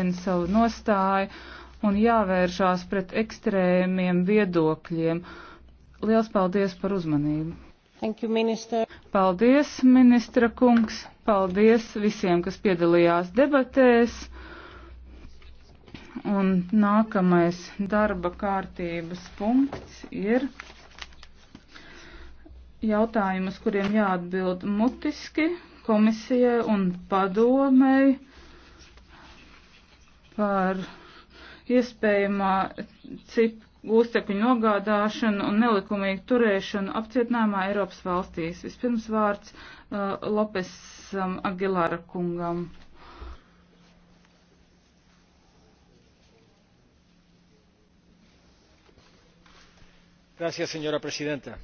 jāstiprina savu nostāju un jāvēršās pret ekstrēmiem viedokļiem. Liels paldies par uzmanību! Thank you, minister. Paldies, ministra kungs! Paldies visiem, kas piedalījās debatēs! Un nākamais darba kārtības punkts ir jautājumus, kuriem jāatbild mutiski komisijai un padomēji par iespējamā cipu gūstekļu nogādāšanu un nelikumīgu turēšanu apcietinājumā Eiropas valstīs. Vispirms vārds uh, Lopesam Agilara kungam. Gracias, señora presidenta.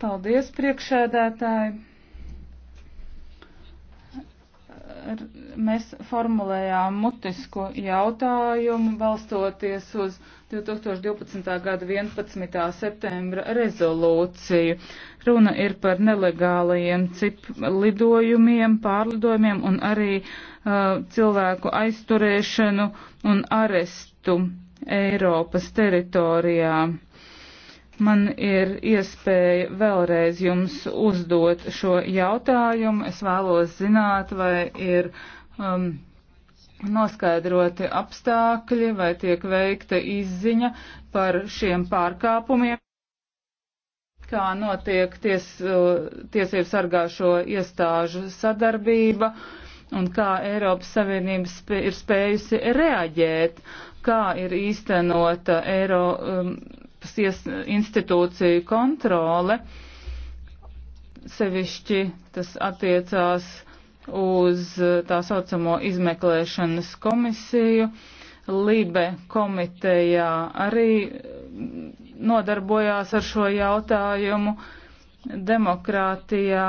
Paldies, priekšēdētāji. mēs formulējām mutisku jautājumu balstoties uz 2012. gada 11. septembra rezolūciju. Runa ir par nelegālajiem cip lidojumiem, pārlidojumiem un arī uh, cilvēku aizturēšanu un arestu Eiropas teritorijā. Man ir iespēja vēlreiz jums uzdot šo jautājumu. Es vēlos zināt, vai ir um, noskaidroti apstākļi, vai tiek veikta izziņa par šiem pārkāpumiem, kā notiek ties, uh, tiesību sargāšo iestāžu sadarbība un kā Eiropas Savienība spē, ir spējusi reaģēt, kā ir īstenota Eiro, um, ies, institūciju kontrole, sevišķi tas attiecās uz tā saucamo izmeklēšanas komisiju. Libe komitejā arī mm, nodarbojās ar šo jautājumu. Demokrātijā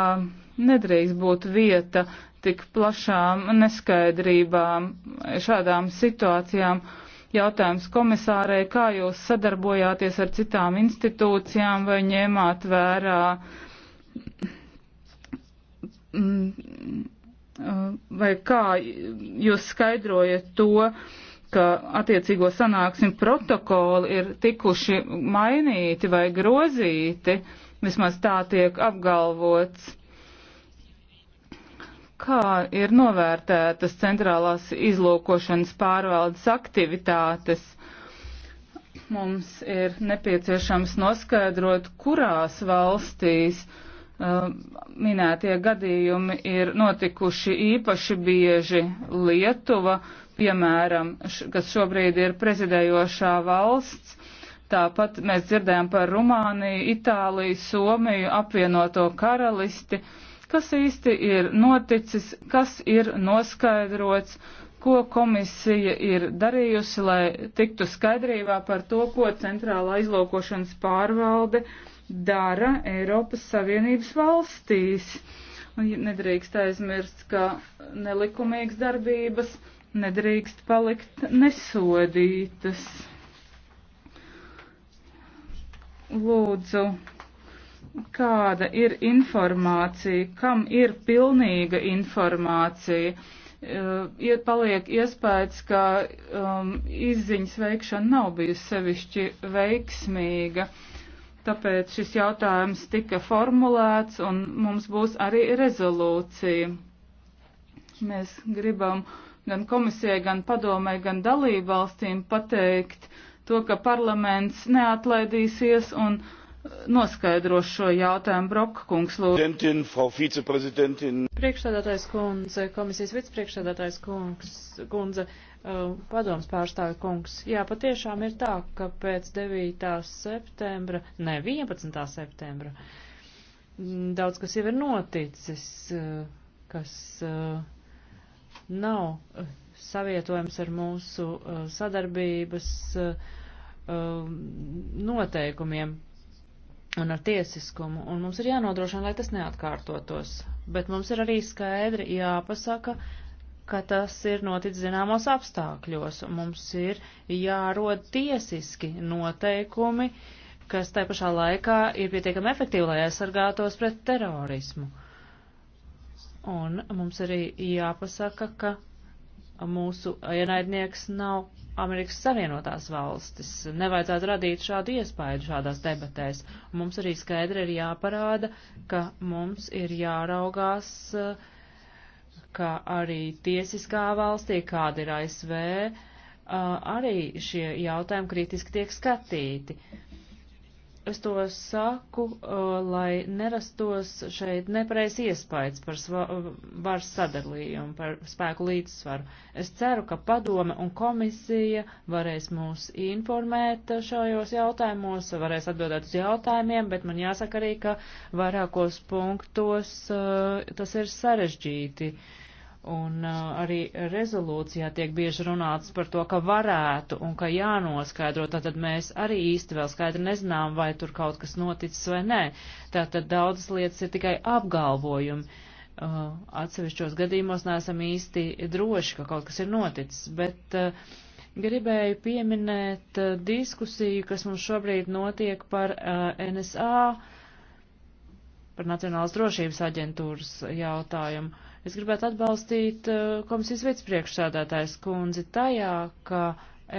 nedrīkst būt vieta tik plašām neskaidrībām, šādām situācijām Jautājums komisārei, kā jūs sadarbojāties ar citām institūcijām vai ņēmāt vērā mm, vai kā jūs skaidrojat to, ka attiecīgo sanāksmi protokoli ir tikuši mainīti vai grozīti, vismaz tā tiek apgalvots. Kā ir novērtētas centrālās izlūkošanas pārvaldes aktivitātes? Mums ir nepieciešams noskaidrot, kurās valstīs uh, minētie gadījumi ir notikuši īpaši bieži Lietuva, piemēram, kas šobrīd ir prezidējošā valsts. Tāpat mēs dzirdējām par Rumāniju, Itāliju, Somiju, apvienoto karalisti. Uh, kas īsti ir noticis, kas ir noskaidrots, ko komisija ir darījusi, lai tiktu skaidrībā par to, ko centrālā izlaukošanas pārvalde dara Eiropas Savienības valstīs. Un nedrīkst aizmirst, ka nelikumīgas darbības nedrīkst palikt nesodītas. Lūdzu, kāda ir informācija, kam ir pilnīga informācija. Uh, iet paliek iespējas, ka um, izziņas veikšana nav bijusi sevišķi veiksmīga. Tāpēc šis jautājums tika formulēts un mums būs arī rezolūcija. Mēs gribam gan komisijai, gan padomai, gan dalībvalstīm pateikt to, ka parlaments neatlaidīsies un uh, noskaidros šo jautājumu. Broka kungs, lūdzu. Priekšsēdētājs kundze, komisijas vicepriekšsēdētājs kungs, kundze, uh, padoms pārstāvi kungs. Jā, patiešām ir tā, ka pēc 9. septembra, ne 11. septembra, mm, daudz kas jau ir noticis, uh, kas uh, nav savietojams ar mūsu sadarbības um, noteikumiem un ar tiesiskumu, un mums ir jānodrošina, lai tas neatkārtotos. Bet mums ir arī skaidri jāpasaka, ka tas ir noticis zināmos apstākļos. Mums ir jārod tiesiski noteikumi, kas tai pašā laikā ir pietiekami efektīvi, lai aizsargātos pret terorismu. Un mums arī jāpasaka, ka mūsu ienaidnieks nav Amerikas Savienotās valstis. Nevajadzētu radīt šādu iespēju šādās debatēs. Mums arī skaidri ir jāparāda, ka mums ir jāraugās, ka arī tiesiskā valstī, kāda ir ASV, arī šie jautājumi kritiski tiek skatīti. Uh, Es to saku, uh, lai nerastos šeit nepareiz iespējas par uh, varas sadalījumu, par spēku līdzsvaru. Es ceru, ka padome un komisija varēs mūs informēt šajos jautājumos, varēs atbildēt uz jautājumiem, bet man jāsaka arī, ka vairākos punktos uh, tas ir sarežģīti. Uh, Un uh, arī rezolūcijā tiek bieži runāts par to, ka varētu un ka jānoskaidro, tātad mēs arī īsti vēl skaidri nezinām, vai tur kaut kas noticis vai nē. Tātad daudzas lietas ir tikai apgalvojumi. Uh, atsevišķos gadījumos neesam īsti droši, ka kaut kas ir noticis, bet uh, gribēju pieminēt uh, diskusiju, kas mums šobrīd notiek par uh, NSA, par Nacionālas drošības aģentūras jautājumu Es gribētu atbalstīt uh, komisijas vicepriekšsādātājs kundzi tajā, ka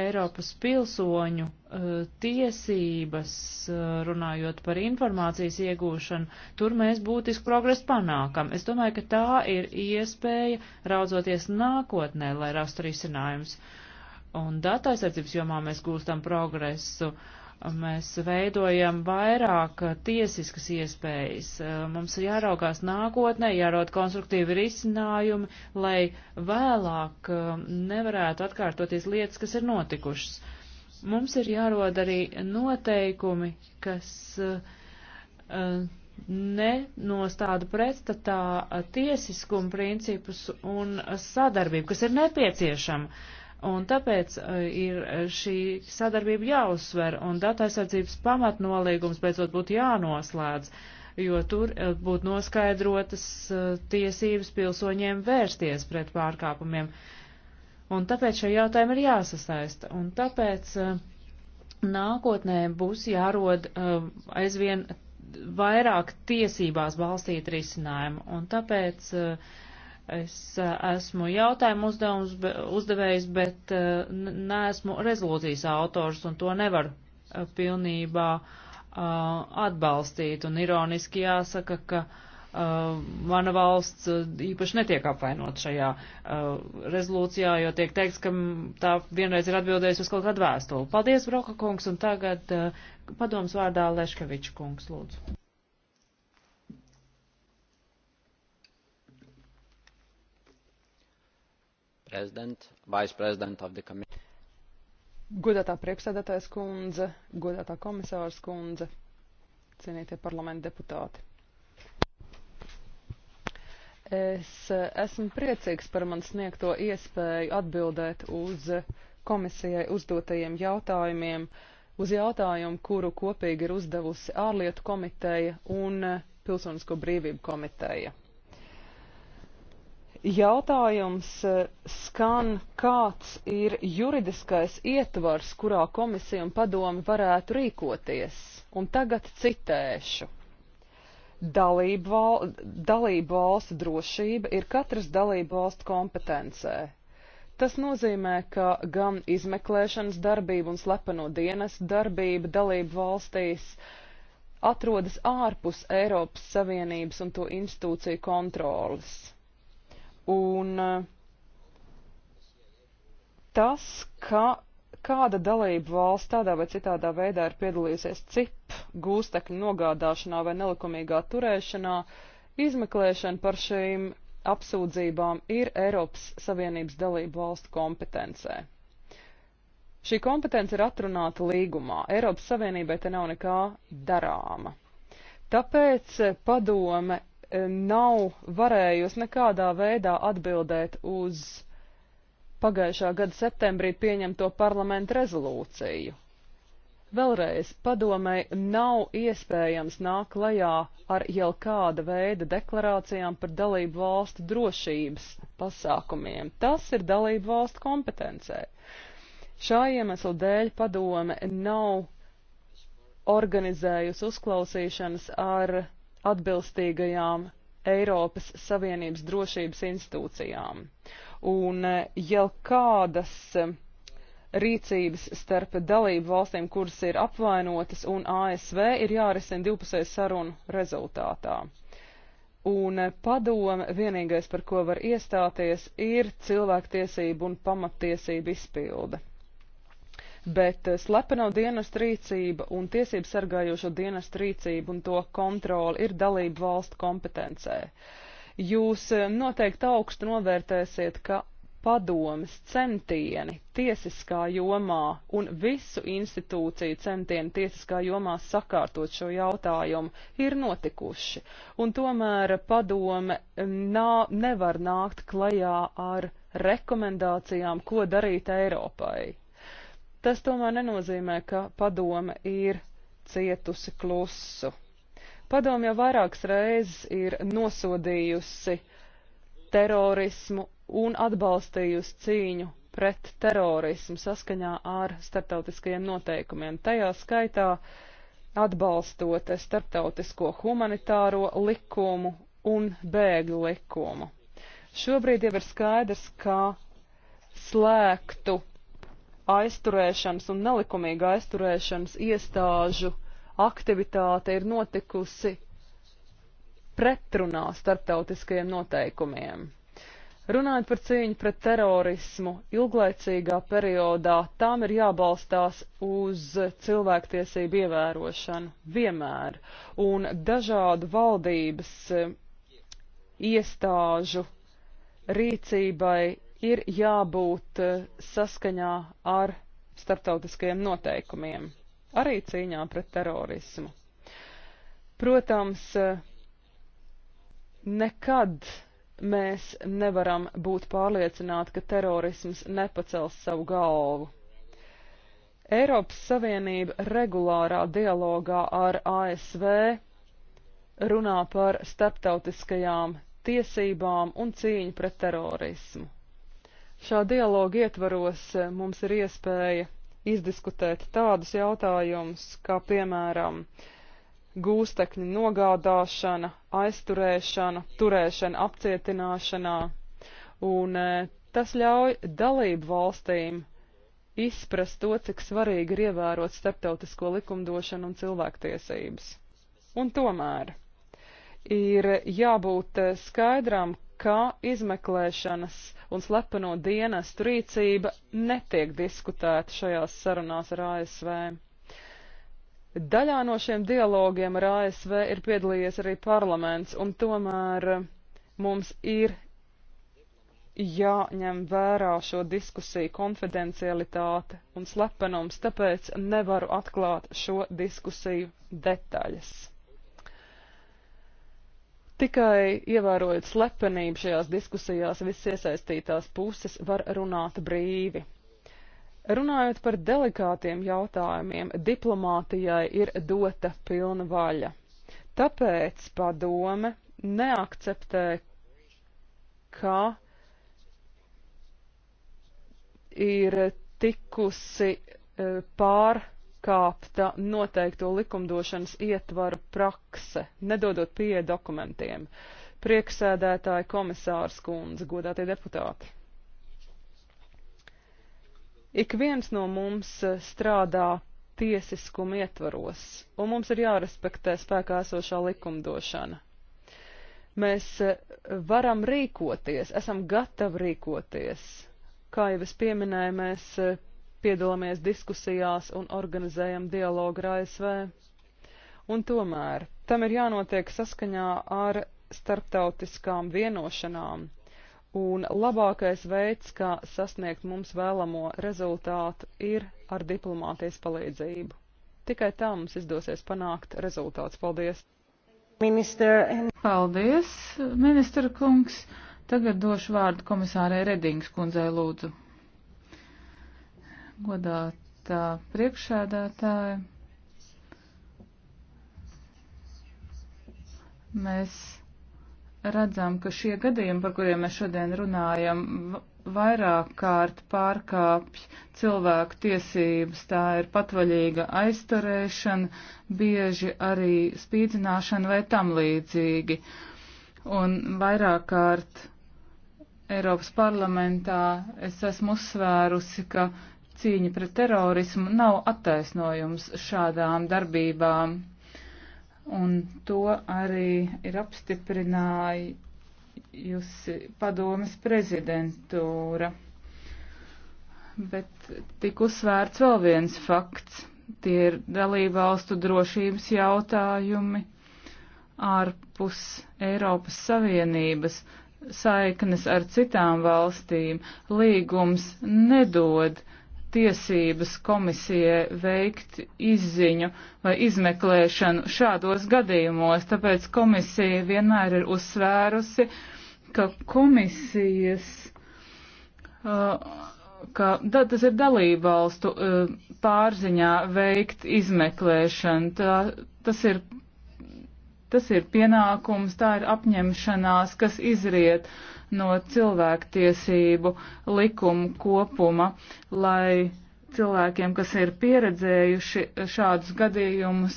Eiropas pilsoņu uh, tiesības, uh, runājot par informācijas iegūšanu, tur mēs būtisku progresu panākam. Es domāju, ka tā ir iespēja raudzoties nākotnē, lai rastu risinājumus. Un data aizsardzības jomā mēs gūstam progresu. Uh, Mēs veidojam vairāk tiesiskas iespējas. Eh, mums ir jāraugās nākotnē, jārod konstruktīvi risinājumi, lai vēlāk eh, nevarētu atkārtoties lietas, kas ir notikušas. Mums ir jārod arī noteikumi, kas eh, nenostāda pretstatā tiesiskuma principus un sadarbību, kas ir nepieciešama Un tāpēc e, ir e, šī sadarbība jāuzsver, un data aizsardzības pamatnolīgums beidzot būtu jānoslēdz, jo tur e, būtu noskaidrotas tiesības pilsoņiem vērsties pret pārkāpumiem. Un tāpēc šie jautājumi ir jāsasaista, un tāpēc nākotnē būs jārod aizvien vairāk tiesībās balstīt risinājumu, un tāpēc uh, Es eh, esmu jautājumu uzdevums, uzdevējs, bet eh, neesmu rezolūcijas autors un to nevaru eh, pilnībā atbalstīt. Un ironiski jāsaka, ka mana valsts īpaši netiek apvainot šajā uh, rezolūcijā, jo tiek teikts, ka tā vienreiz ir atbildējusi uz kaut kādu vēstuli. Paldies, Broka kungs, un tagad uh, padoms vārdā Leškeviča kungs, lūdzu. Godātā priekšsēdētājas kundze, godātā komisārs kundze, cienītie parlamenta deputāti. Es eh, esmu priecīgs par man sniegto iespēju atbildēt uz komisijai uzdotajiem jautājumiem, uz jautājumu, kuru kopīgi ir uzdevusi ārlietu komiteja un eh, Pilsonisko brīvību komiteja. Jautājums eh, skan, kāds ir juridiskais ietvars, kurā komisija un padomi varētu rīkoties. Un tagad citēšu. Dalību, val, dalību valstu drošība ir katras dalību valstu kompetencē. Tas nozīmē, ka gan izmeklēšanas darbība un slepeno dienas darbība dalību valstīs atrodas ārpus Eiropas Savienības un to institūciju kontrolas Un e, tas, ka kāda dalība valsts tādā vai citādā veidā ir piedalījusies cip gūstekļu nogādāšanā vai nelikumīgā turēšanā, izmeklēšana par šīm apsūdzībām ir Eiropas Savienības dalību valstu kompetencē. Šī kompetence ir atrunāta līgumā. Eiropas Savienībai te nav nekā darāma. Tāpēc padome Um, nav varējusi nekādā veidā atbildēt uz pagājušā gada septembrī pieņemto parlamentu rezolūciju. Vēlreiz padomēji nav iespējams nākt klajā ar jau kāda veida deklarācijām par dalību valstu drošības pasākumiem. Tas ir dalību valstu kompetencē. Šā iemesla dēļ padome nav organizējusi uzklausīšanas ar atbilstīgajām Eiropas Savienības drošības institūcijām. Un eh, jau kādas eh, rīcības starp dalību valstīm, kuras ir apvainotas, un ASV ir jārisina divpusēju sarunu rezultātā. Un eh, padome vienīgais, par ko var iestāties, ir cilvēktiesību un pamattiesību izpilde bet eh, slepeno dienestu rīcība un tiesību sargājošo dienestu rīcība un to kontroli ir dalību valstu kompetencē. Jūs eh, noteikti augstu novērtēsiet, ka padomas centieni tiesiskā jomā un visu institūciju centieni tiesiskā jomā sakārtot šo jautājumu ir notikuši, un tomēr padome eh, nā, nevar nākt klajā ar rekomendācijām, ko darīt Eiropai. Tas tomēr nenozīmē, ka padome ir cietusi klusu. Padome jau vairākas reizes ir nosodījusi terorismu un atbalstījusi cīņu pret terorismu saskaņā ar starptautiskajiem noteikumiem. Tajā skaitā atbalstot starptautisko humanitāro likumu un bēgļu likumu. Šobrīd jau ir skaidrs, ka slēgtu aizturēšanas un nelikumīga aizturēšanas iestāžu aktivitāte ir notikusi pretrunā starptautiskajiem noteikumiem. Runājot par cīņu pret terorismu, ilglaicīgā periodā tām ir jābalstās uz cilvēktiesību ievērošanu vienmēr, un dažādu valdības iestāžu rīcībai ir jābūt eh, saskaņā ar starptautiskajiem noteikumiem, arī cīņā pret terorismu. Protams, eh, nekad mēs nevaram būt pārliecināti, ka terorisms nepacels savu galvu. Eiropas Savienība regulārā dialogā ar ASV runā par starptautiskajām tiesībām un cīņu pret terorismu. Šā dialoga ietvaros e, mums ir iespēja izdiskutēt tādus jautājumus, kā piemēram gūstekņu nogādāšana, aizturēšana, turēšana apcietināšanā, un e, tas ļauj dalību valstīm izprast to, cik svarīgi ir ievērot starptautisko likumdošanu un cilvēktiesības. Un tomēr ir jābūt eh, skaidram, ka izmeklēšanas un slepeno dienestu rīcība netiek diskutēta šajās sarunās ar ASV. Daļā no šiem dialogiem ar ASV ir piedalījies arī parlaments, un tomēr mums ir jāņem vērā šo diskusiju konfidencialitāte un slepenums, tāpēc nevaru atklāt šo diskusiju detaļas. Tikai ievērojot slepenību šajās diskusijās, visas iesaistītās puses var runāt brīvi. Runājot par delikātiem jautājumiem, diplomātijai ir dota pilna vaļa. Tāpēc padome neakceptē, ka ir tikusi eh, pār pārkāpta noteikto likumdošanas ietvaru prakse, nedodot pie dokumentiem. Prieksēdētāji komisārs kundze, godātie deputāti. Ik viens no mums strādā tiesiskuma ietvaros, un mums ir jārespektē spēkā esošā likumdošana. Mēs varam rīkoties, esam gatavi rīkoties. Kā jau es pieminēju, mēs piedalāmies diskusijās un organizējam dialogu ar ASV. Un tomēr tam ir jānotiek saskaņā ar starptautiskām vienošanām, un labākais veids, kā sasniegt mums vēlamo rezultātu, ir ar diplomātijas palīdzību. Tikai tā mums izdosies panākt rezultāts. Paldies! Minister... Paldies, ministra kungs! Tagad došu vārdu komisārai Redings kundzei lūdzu godātā priekšsēdētāja. Mēs redzam, ka šie gadījumi, par kuriem mēs šodien runājam, vairāk kārt pārkāpj cilvēku tiesības. Tā ir patvaļīga aizturēšana, bieži arī spīdzināšana vai tam līdzīgi. Un vairāk kārt Eiropas parlamentā es esmu uzsvērusi, ka cīņa pret terorismu nav attaisnojums šādām darbībām. Un to arī ir apstiprinājusi padomas prezidentūra. Bet tik uzsvērts vēl viens fakts. Tie ir dalībvalstu drošības jautājumi ārpus Eiropas Savienības, saiknes ar citām valstīm. Līgums nedod uh, tiesības komisijai veikt izziņu vai izmeklēšanu šādos gadījumos, tāpēc komisija vienmēr ir uzsvērusi, ka komisijas, uh, ka da, tas ir dalībvalstu uh, pārziņā veikt izmeklēšanu. Tā, tas ir Tas ir pienākums, tā ir apņemšanās, kas izriet no cilvēktiesību likumu kopuma, lai cilvēkiem, kas ir pieredzējuši šādus gadījumus,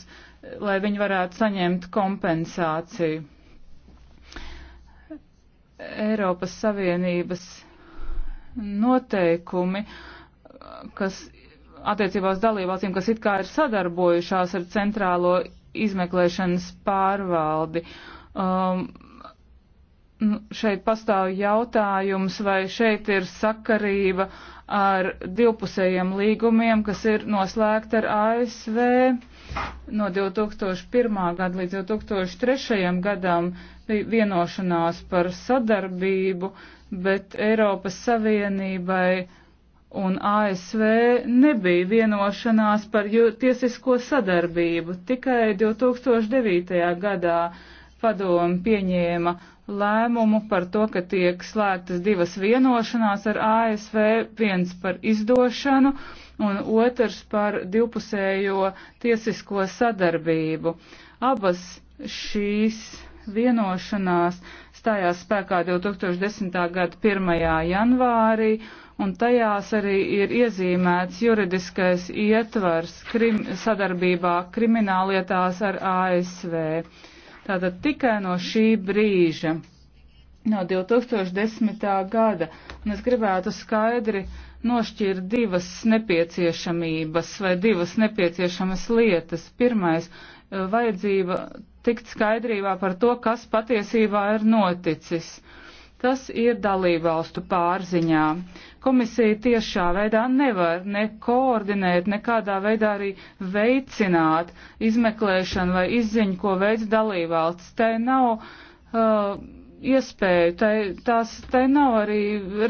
lai viņi varētu saņemt kompensāciju. Eiropas Savienības noteikumi, kas attiecībās dalībvalstīm, kas it kā ir sadarbojušās ar centrālo izmeklēšanas pārvaldi. Um, nu, šeit pastāv jautājums, vai šeit ir sakarība ar divpusējiem līgumiem, kas ir noslēgti ar ASV no 2001. gada līdz 2003. gadam bija vienošanās par sadarbību, bet Eiropas Savienībai un ASV nebija vienošanās par tiesisko sadarbību. Tikai 2009. gadā padomu pieņēma lēmumu par to, ka tiek slēgtas divas vienošanās ar ASV, viens par izdošanu un otrs par divpusējo tiesisko sadarbību. Abas šīs vienošanās stājās spēkā 2010. gada 1. janvārī, un tajās arī ir iezīmēts juridiskais ietvars krim, sadarbībā krimināllietās ar ASV. Tātad tikai no šī brīža, no 2010. gada, un es gribētu skaidri nošķirt divas nepieciešamības vai divas nepieciešamas lietas. Pirmais - vajadzība tikt skaidrībā par to, kas patiesībā ir noticis Tas ir dalībvalstu pārziņā. Komisija tiešā veidā nevar ne koordinēt, nekādā veidā arī veicināt izmeklēšanu vai izziņu, ko veids dalībvalsts. Tai nav uh, iespēju, tai, tās, tai nav arī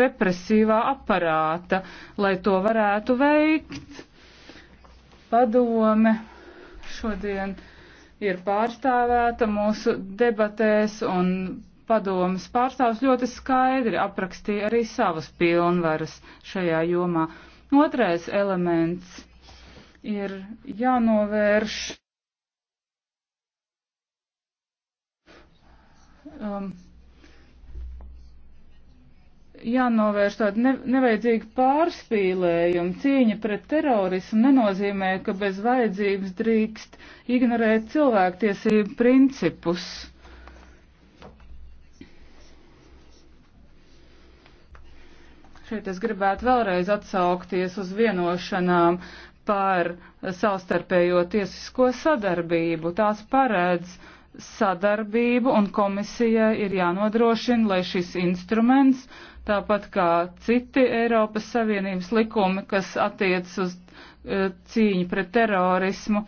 represīvā aparāta, lai to varētu veikt. Padome šodien ir pārstāvēta mūsu debatēs un padomas pārstāvs ļoti skaidri aprakstīja arī savas pilnvaras šajā jomā. Otrais elements ir jānovērš um, jānovērš tāda ne, nevajadzīga pārspīlējuma. Cīņa pret terorismu nenozīmē, ka bez vajadzības drīkst ignorēt cilvēktiesību principus. Šeit es gribētu vēlreiz atsaukties uz vienošanām par savstarpējo tiesisko sadarbību. Tās paredz sadarbību un komisijai ir jānodrošina, lai šis instruments, tāpat kā citi Eiropas Savienības likumi, kas attiec uz e, cīņu pret terorismu,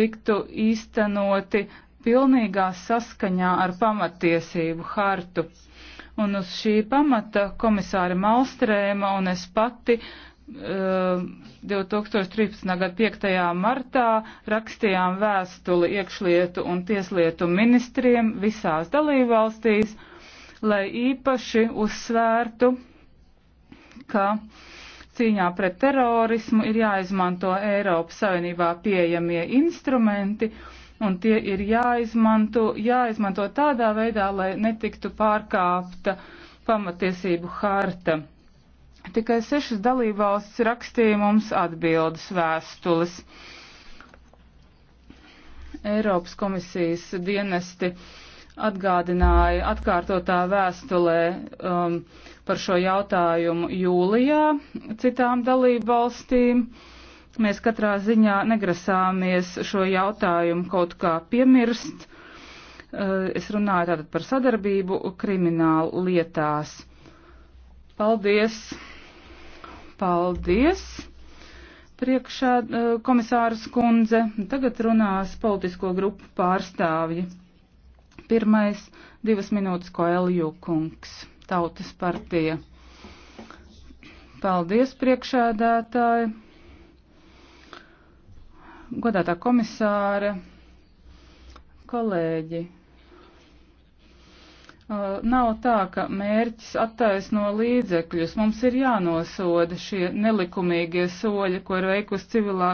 tiktu īstenoti pilnīgā saskaņā ar pamatiesību hartu. Un uz šī pamata komisāra Malstrēma un es pati uh, eh, 2013. gada 5. martā rakstījām vēstuli iekšlietu un tieslietu ministriem visās dalībvalstīs, lai īpaši uzsvērtu, ka cīņā pret terorismu ir jāizmanto Eiropas Savienībā pieejamie instrumenti, uh, un tie ir jāizmanto, jāizmanto tādā veidā, lai netiktu pārkāpta pamatiesību harta. Tikai sešas dalībvalsts rakstīja mums atbildes vēstules. Eiropas komisijas dienesti atgādināja atkārtotā vēstulē um, par šo jautājumu jūlijā citām dalībvalstīm. valstīm Mēs katrā ziņā negrasāmies šo jautājumu kaut kā piemirst. Eh, es runāju tātad par sadarbību kriminālu lietās. Paldies! Paldies! Priekšā eh, komisāras kundze. Tagad runās politisko grupu pārstāvji. Pirmais divas minūtes Koelju kungs, Tautas partija. Paldies, priekšēdētāji! godātā komisāra, kolēģi. Nav tā, ka mērķis attaisno līdzekļus. Mums ir jānosoda šie nelikumīgie soļi, ko ir veikusi civilā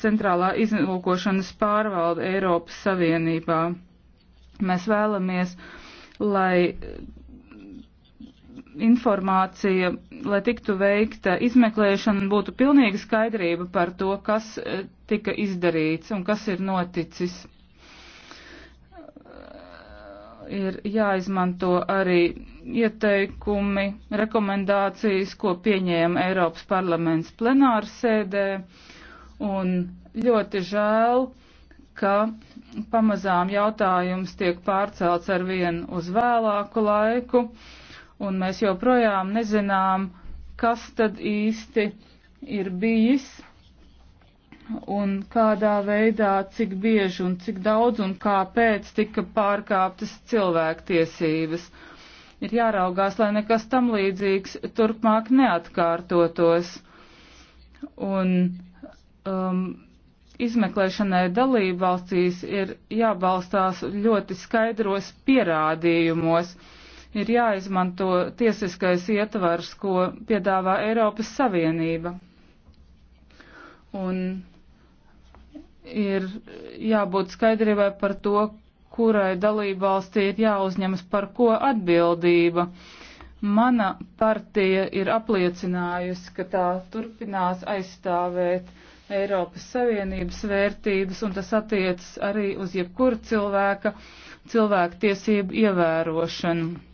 centrālā izlūkošanas pārvalde Eiropas Savienībā. Mēs vēlamies, lai informācija, lai tiktu veikta izmeklēšana, būtu pilnīga skaidrība par to, kas e, tika izdarīts un kas ir noticis. E, ir jāizmanto arī ieteikumi, rekomendācijas, ko pieņēma Eiropas parlaments plenārsēdē, un ļoti žēl, ka pamazām jautājums tiek pārcelts ar vienu uz vēlāku laiku. Uh, un mēs joprojām nezinām, kas tad īsti ir bijis un kādā veidā, cik bieži un cik daudz un kāpēc tika pārkāptas cilvēktiesības. Ir jāraugās, lai nekas tam līdzīgs turpmāk neatkārtotos. Un um, izmeklēšanai dalību valstīs ir jābalstās ļoti skaidros pierādījumos ir jāizmanto tiesiskais ietvars, ko piedāvā Eiropas Savienība. Un ir jābūt skaidrībai par to, kurai dalībvalstī ir jāuzņemas par ko atbildība. Mana partija ir apliecinājusi, ka tā turpinās aizstāvēt Eiropas Savienības vērtības, un tas attiecas arī uz jebkuru cilvēka cilvēku tiesību ievērošanu.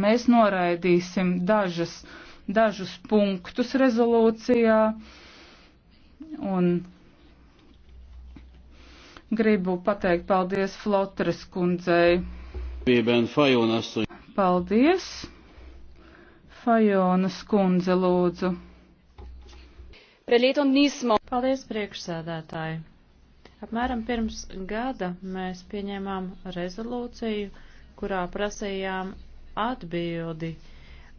Mēs noraidīsim dažas, dažus punktus rezolūcijā un gribu pateikt paldies Flotres kundzei. Paldies! Fajonas kundze lūdzu. Paldies, priekšsēdētāji! Apmēram pirms gada mēs pieņēmām rezolūciju, kurā prasījām atbildi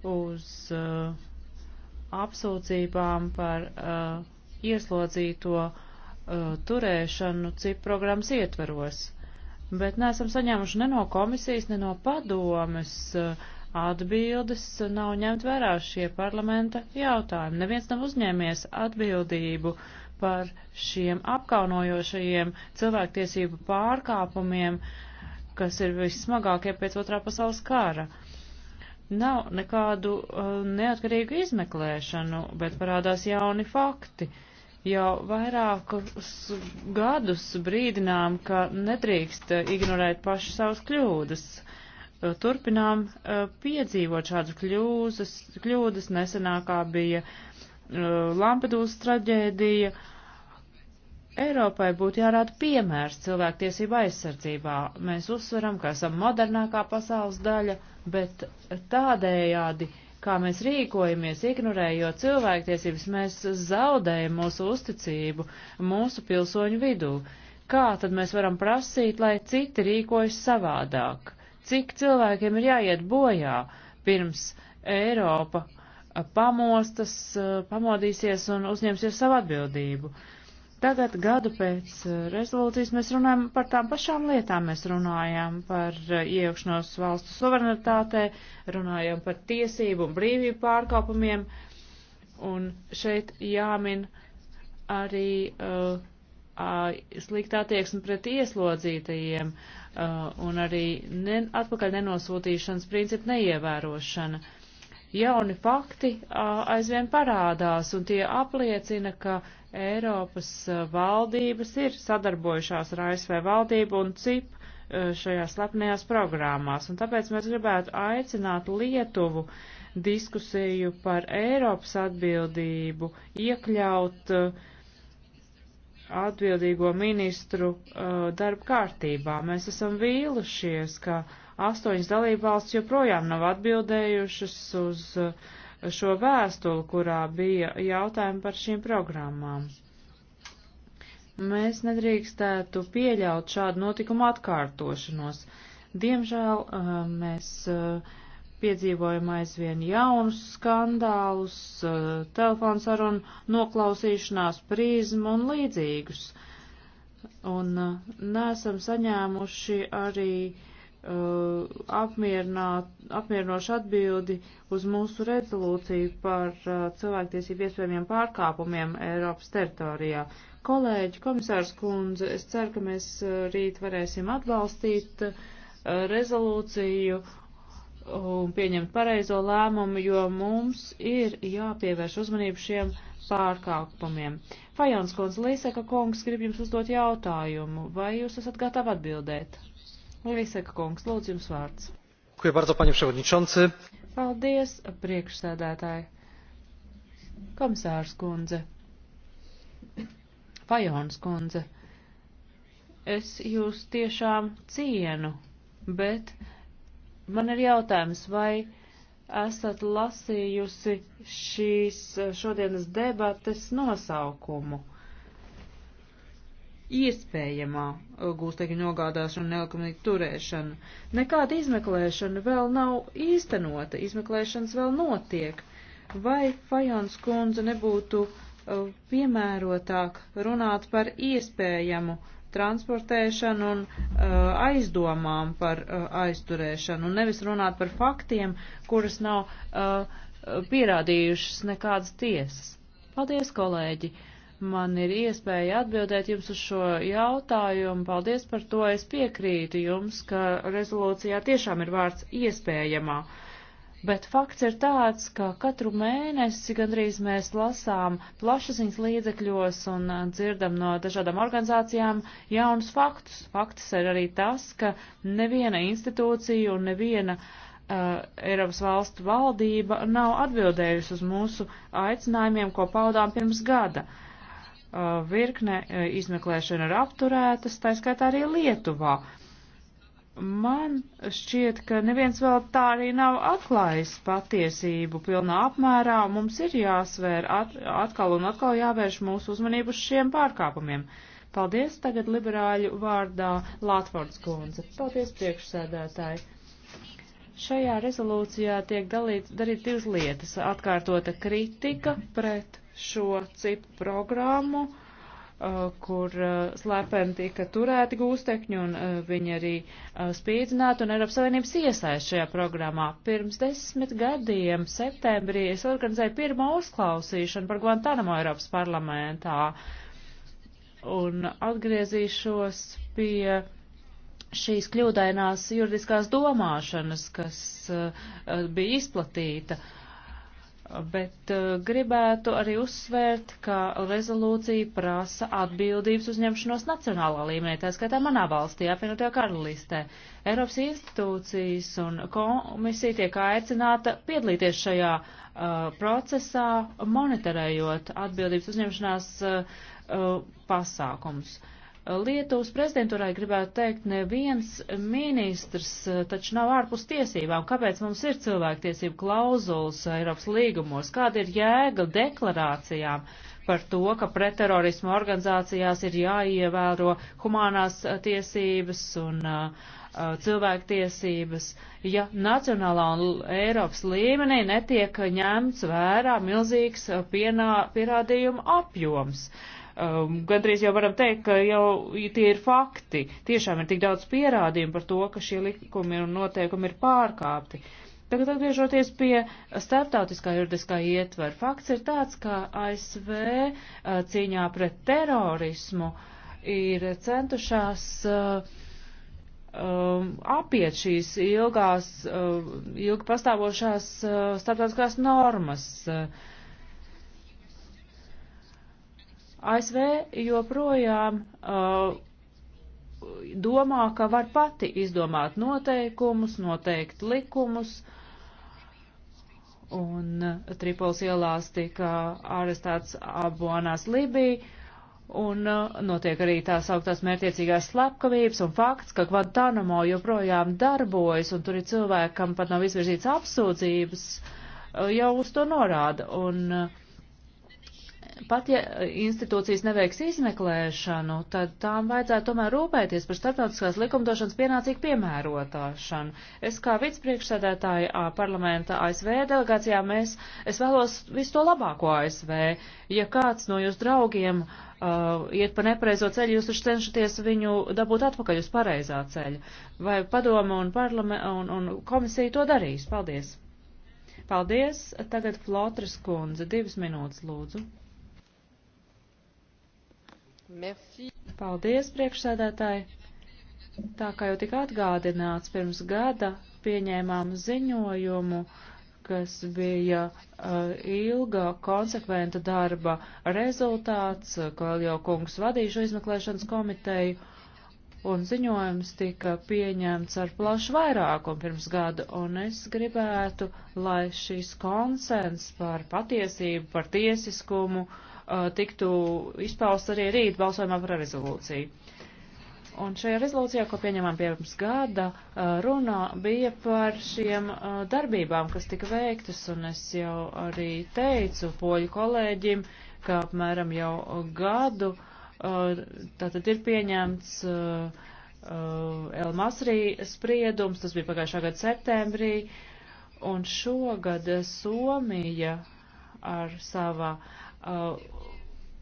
uz uh, apsūdzībām par uh, ieslodzīto uh, turēšanu CIP programmas ietveros. Bet neesam saņēmuši ne no komisijas, ne no padomes uh, atbildes, nav ņemt vērā šie parlamenta jautājumi. Neviens nav uzņēmies atbildību par šiem apkaunojošajiem cilvēktiesību pārkāpumiem, kas ir vissmagākie pēc otrā pasaules kara. Uh, nav nekādu uh, neatkarīgu izmeklēšanu, bet parādās jauni fakti. Jau vairākus gadus brīdinām, ka nedrīkst uh, ignorēt paši savas kļūdas. Uh, turpinām uh, piedzīvot šādas kļūzas, kļūdas. Nesenākā bija uh, Lampedūzas traģēdija. Eiropai būtu jārāda piemērs cilvēktiesība aizsardzībā. Mēs uzsveram, ka esam modernākā pasaules daļa bet tādējādi, kā mēs rīkojamies, ignorējot cilvēktiesības, mēs zaudējam mūsu uzticību mūsu pilsoņu vidū. Kā tad mēs varam prasīt, lai citi rīkojas savādāk? Cik cilvēkiem ir jāiet bojā pirms Eiropa pamostas, pamodīsies un uzņemsies savu atbildību? Uh, Tagad gadu pēc uh, rezolūcijas mēs runājam par tām pašām lietām. Mēs runājam par uh, iejaukšanos valstu suverenitātē, runājam par tiesību un brīvību pārkāpumiem. Un šeit jāmin arī uh, uh, sliktā tieksme pret ieslodzītajiem uh, un arī ne, atpakaļ nenosūtīšanas principu neievērošana. Jauni fakti uh, aizvien parādās un tie apliecina, ka Eiropas eh, valdības ir sadarbojušās ar ASV valdību un CIP eh, šajās slepnajās programmās, un tāpēc mēs gribētu aicināt Lietuvu diskusiju par Eiropas atbildību iekļaut eh, atbildīgo ministru darba kārtībā. Mēs esam vīlušies, ka astoņas dalībvalsts joprojām nav atbildējušas uz uh, šo vēstuli, kurā bija jautājumi par šīm programmām. Mēs nedrīkstētu pieļaut šādu notikumu atkārtošanos. Diemžēl uh, mēs uh, piedzīvojam aizvien jaunus skandālus, uh, telefonsarunu noklausīšanās, prīzmu un līdzīgus. Un nesam saņēmuši arī uh, Uh, apmierinošu atbildi uz mūsu rezolūciju par uh, cilvēktiesību iespējamiem pārkāpumiem Eiropas teritorijā. Kolēģi, komisārs kundze, es ceru, ka mēs uh, rīt varēsim atbalstīt rezolūciju un pieņemt pareizo lēmumu, jo mums ir jāpievērš uzmanību šiem pārkāpumiem. Fajons kundze, Līseka kungs grib jums uzdot jautājumu, vai jūs esat gatavi atbildēt? Līseka kungs, lūdzu jums vārds. Kuja bardzo, paņem ševodničonci. Paldies, priekšsēdētāji. Komisārs kundze. Fajons kundze. Es jūs tiešām cienu, bet man ir jautājums, vai esat lasījusi šīs šodienas debates nosaukumu? iespējamā uh, gūstekņu nogādāšana un nelikumīga turēšana. Nekāda izmeklēšana vēl nav īstenota, izmeklēšanas vēl notiek. Vai Fajons kundze nebūtu uh, piemērotāk runāt par iespējamu transportēšanu un uh, aizdomām par uh, aizturēšanu, un nevis runāt par faktiem, kuras nav uh, uh pierādījušas nekādas tiesas. Paldies, kolēģi! Uh, man ir iespēja atbildēt jums uz šo jautājumu. Paldies par to. Es piekrītu jums, ka rezolūcijā tiešām ir vārds iespējamā. Bet fakts ir tāds, ka katru mēnesi gandrīz mēs lasām plašsaziņas līdzekļos un uh, dzirdam no dažādām organizācijām jaunus faktus. Fakts ir arī tas, ka neviena institūcija un neviena uh, Uh, Eiropas valstu valdība nav atbildējusi uz mūsu aicinājumiem, ko paudām pirms gada. Uh, virkne uh, izmeklēšana ir apturētas, tā skaitā arī Lietuvā. Man šķiet, ka neviens vēl tā arī nav atklājis patiesību pilnā apmērā, un mums ir jāsvēr at, atkal un atkal jāvērš mūsu uzmanību uz šiem pārkāpumiem. Paldies tagad liberāļu vārdā Latvārds Kunze. Paldies priekšsēdētāji. Šajā rezolūcijā tiek dalīt, darīt divas lietas - atkārtota kritika pret šo cipu programmu, uh, kur uh, slepeni tika turēti gūstekņi un uh, viņi arī spīdzināti un Eiropas Savienības iesaist šajā programmā. Pirms desmit gadiem, septembrī, es organizēju pirmo uzklausīšanu par Guantanamo Eiropas parlamentā un atgriezīšos pie šīs kļūdainās juridiskās domāšanas, kas bija izplatīta. Uh, bet uh, gribētu arī uzsvērt, ka rezolūcija prasa atbildības uzņemšanos nacionālā līmenī, tā skaitā manā valstī, apvienotajā karalistē. Eiropas institūcijas un komisija tiek aicināta piedalīties šajā uh, procesā, monitorējot atbildības uzņemšanās uh, pasākums. Uh, Lietuvas prezidentūrai gribētu teikt, neviens ministrs eh, taču nav ārpus tiesībām. Kāpēc mums ir cilvēktiesību klauzulas Eiropas līgumos? Kāda ir jēga deklarācijām? par to, ka pretterorismu organizācijās ir jāievēro humānās eh, tiesības un uh, cilvēktiesības, ja nacionālā un Eiropas līmenī netiek ņemts vērā milzīgs pienā, pierādījuma apjoms. Uh, um, gandrīz jau varam teikt, ka jau tie ir fakti. Tiešām ir tik daudz pierādījumu par to, ka šie likumi un noteikumi ir pārkāpti. Tagad atgriežoties pie starptautiskā juridiskā ietvera. Fakts ir tāds, ka ASV uh, cīņā pret terorismu ir centušās uh, um, apiet šīs ilgās, uh, ilgi pastāvošās uh, starptautiskās normas. Uh, ASV joprojām uh, domā, ka var pati izdomāt noteikumus, noteikt likumus, un uh, Tripols ielās tika arestēts Abuanās Libija, un uh, notiek arī tās augtās mērķiecīgās slepkavības, un fakts, ka Guantanamo joprojām darbojas, un tur ir cilvēki, kam pat nav izvirzīts apsūdzības, uh, jau uz to norāda. Un, uh, pat ja institūcijas neveiks izmeklēšanu, tad tām vajadzētu tomēr rūpēties par starptautiskās likumdošanas pienācīgu piemērotāšanu. Es kā vicepriekšsēdētāja parlamenta ASV delegācijā mēs, es vēlos visu to labāko ASV. Ja kāds no jūs draugiem uh, iet pa nepareizo ceļu, jūs taču cenšaties viņu dabūt atpakaļ uz pareizā ceļa. Vai padoma un, un, un komisija to darīs? Paldies! Paldies! Tagad Flotras kundze, divas minūtes lūdzu. Merci. Paldies, priekšsēdētāji. Tā kā jau tika atgādināts, pirms gada pieņēmām ziņojumu, kas bija uh, ilga, konsekventa darba rezultāts, uh, kā jau kungs vadīja šo izmeklēšanas komiteju, un ziņojums tika pieņemts ar plašu vairākumu pirms gada, un es gribētu, lai šīs konsens par patiesību, par tiesiskumu, uh, tiktu izpaust arī rīt balsojumā par rezolūciju. Un šajā rezolūcijā, ko pieņemām pirms gada, runā bija par šiem darbībām, kas tika veiktas, un es jau arī teicu poļu kolēģim, ka apmēram jau gadu tātad ir pieņemts Elmasrī spriedums, tas bija pagājušā gada septembrī, un šogad Somija ar savā uh, Uh,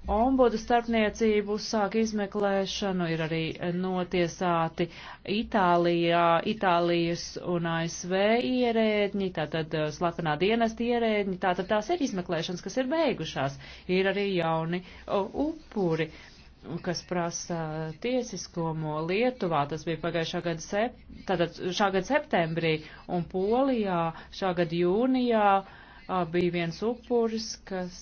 ombudu starpniecību sāk izmeklēšanu, ir arī notiesāti Itālijā, Itālijas un ASV ierēdņi, tātad uh, slapenā dienesta ierēdņi, tātad tās ir izmeklēšanas, kas ir beigušās. Ir arī jauni o, uh, upuri kas prasa tiesiskumu Lietuvā, tas bija pagājušā gada, sep, tātad šā gada septembrī, un Polijā šā gada jūnijā uh, bija viens upuris, kas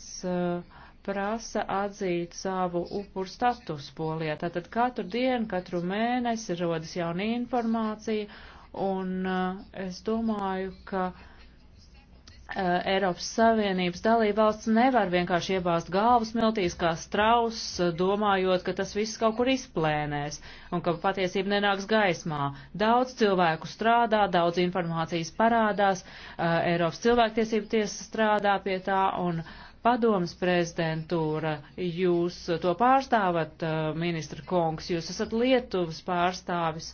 prasa atzīt savu upuru status polijā. Tātad katru dienu, katru mēnesi rodas jauna informācija, un es domāju, ka uh, Eiropas Savienības dalībvalsts nevar vienkārši iebāzt galvas miltīs kā strauss, domājot, ka tas viss kaut kur izplēnēs un ka patiesība nenāks gaismā. Daudz cilvēku strādā, daudz informācijas parādās, Eiropas cilvēktiesība tiesa strādā pie tā un padomas prezidentūra, jūs to pārstāvat, ministra kungs, jūs esat Lietuvas pārstāvis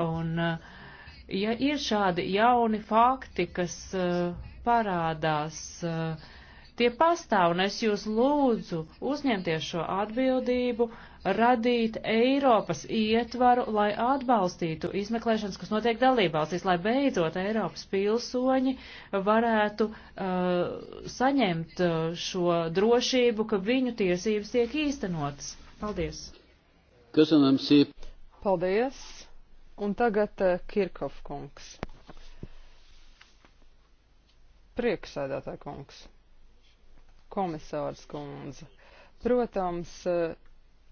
un ja ir šādi jauni fakti, kas. Uh, parādās. Eh, tie pastāv, un es jūs lūdzu uzņemties šo atbildību, radīt Eiropas ietvaru, lai atbalstītu izmeklēšanas, kas notiek dalībvalstīs, lai beidzot Eiropas pilsoņi varētu uh, saņemt eh, šo drošību, ka viņu tiesības tiek īstenotas. Paldies! Köszönöm szépen! Paldies! Un tagad Kirkov kungs. Prieksēdētāja kungs, komisārs kundze. Protams, eh,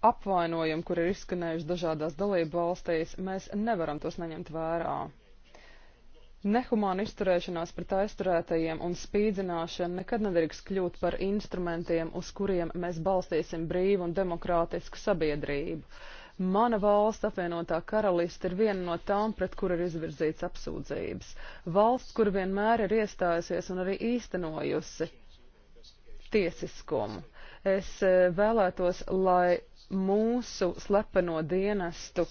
apvainojumi, kur ir izskanējuši dažādās dalību valstīs, mēs nevaram tos neņemt vērā. Nehumāna izturēšanās pret aizturētajiem un spīdzināšana nekad nedrīkst kļūt par instrumentiem, uz kuriem mēs balstīsim brīvu un demokrātisku sabiedrību. Mana valsts, apvienotā karaliste, ir viena no tām, pret kur ir izvirzīts apsūdzības. Valsts, kur vienmēr ir iestājusies un arī īstenojusi tiesiskumu. Es e, vēlētos, lai mūsu slepeno dienestu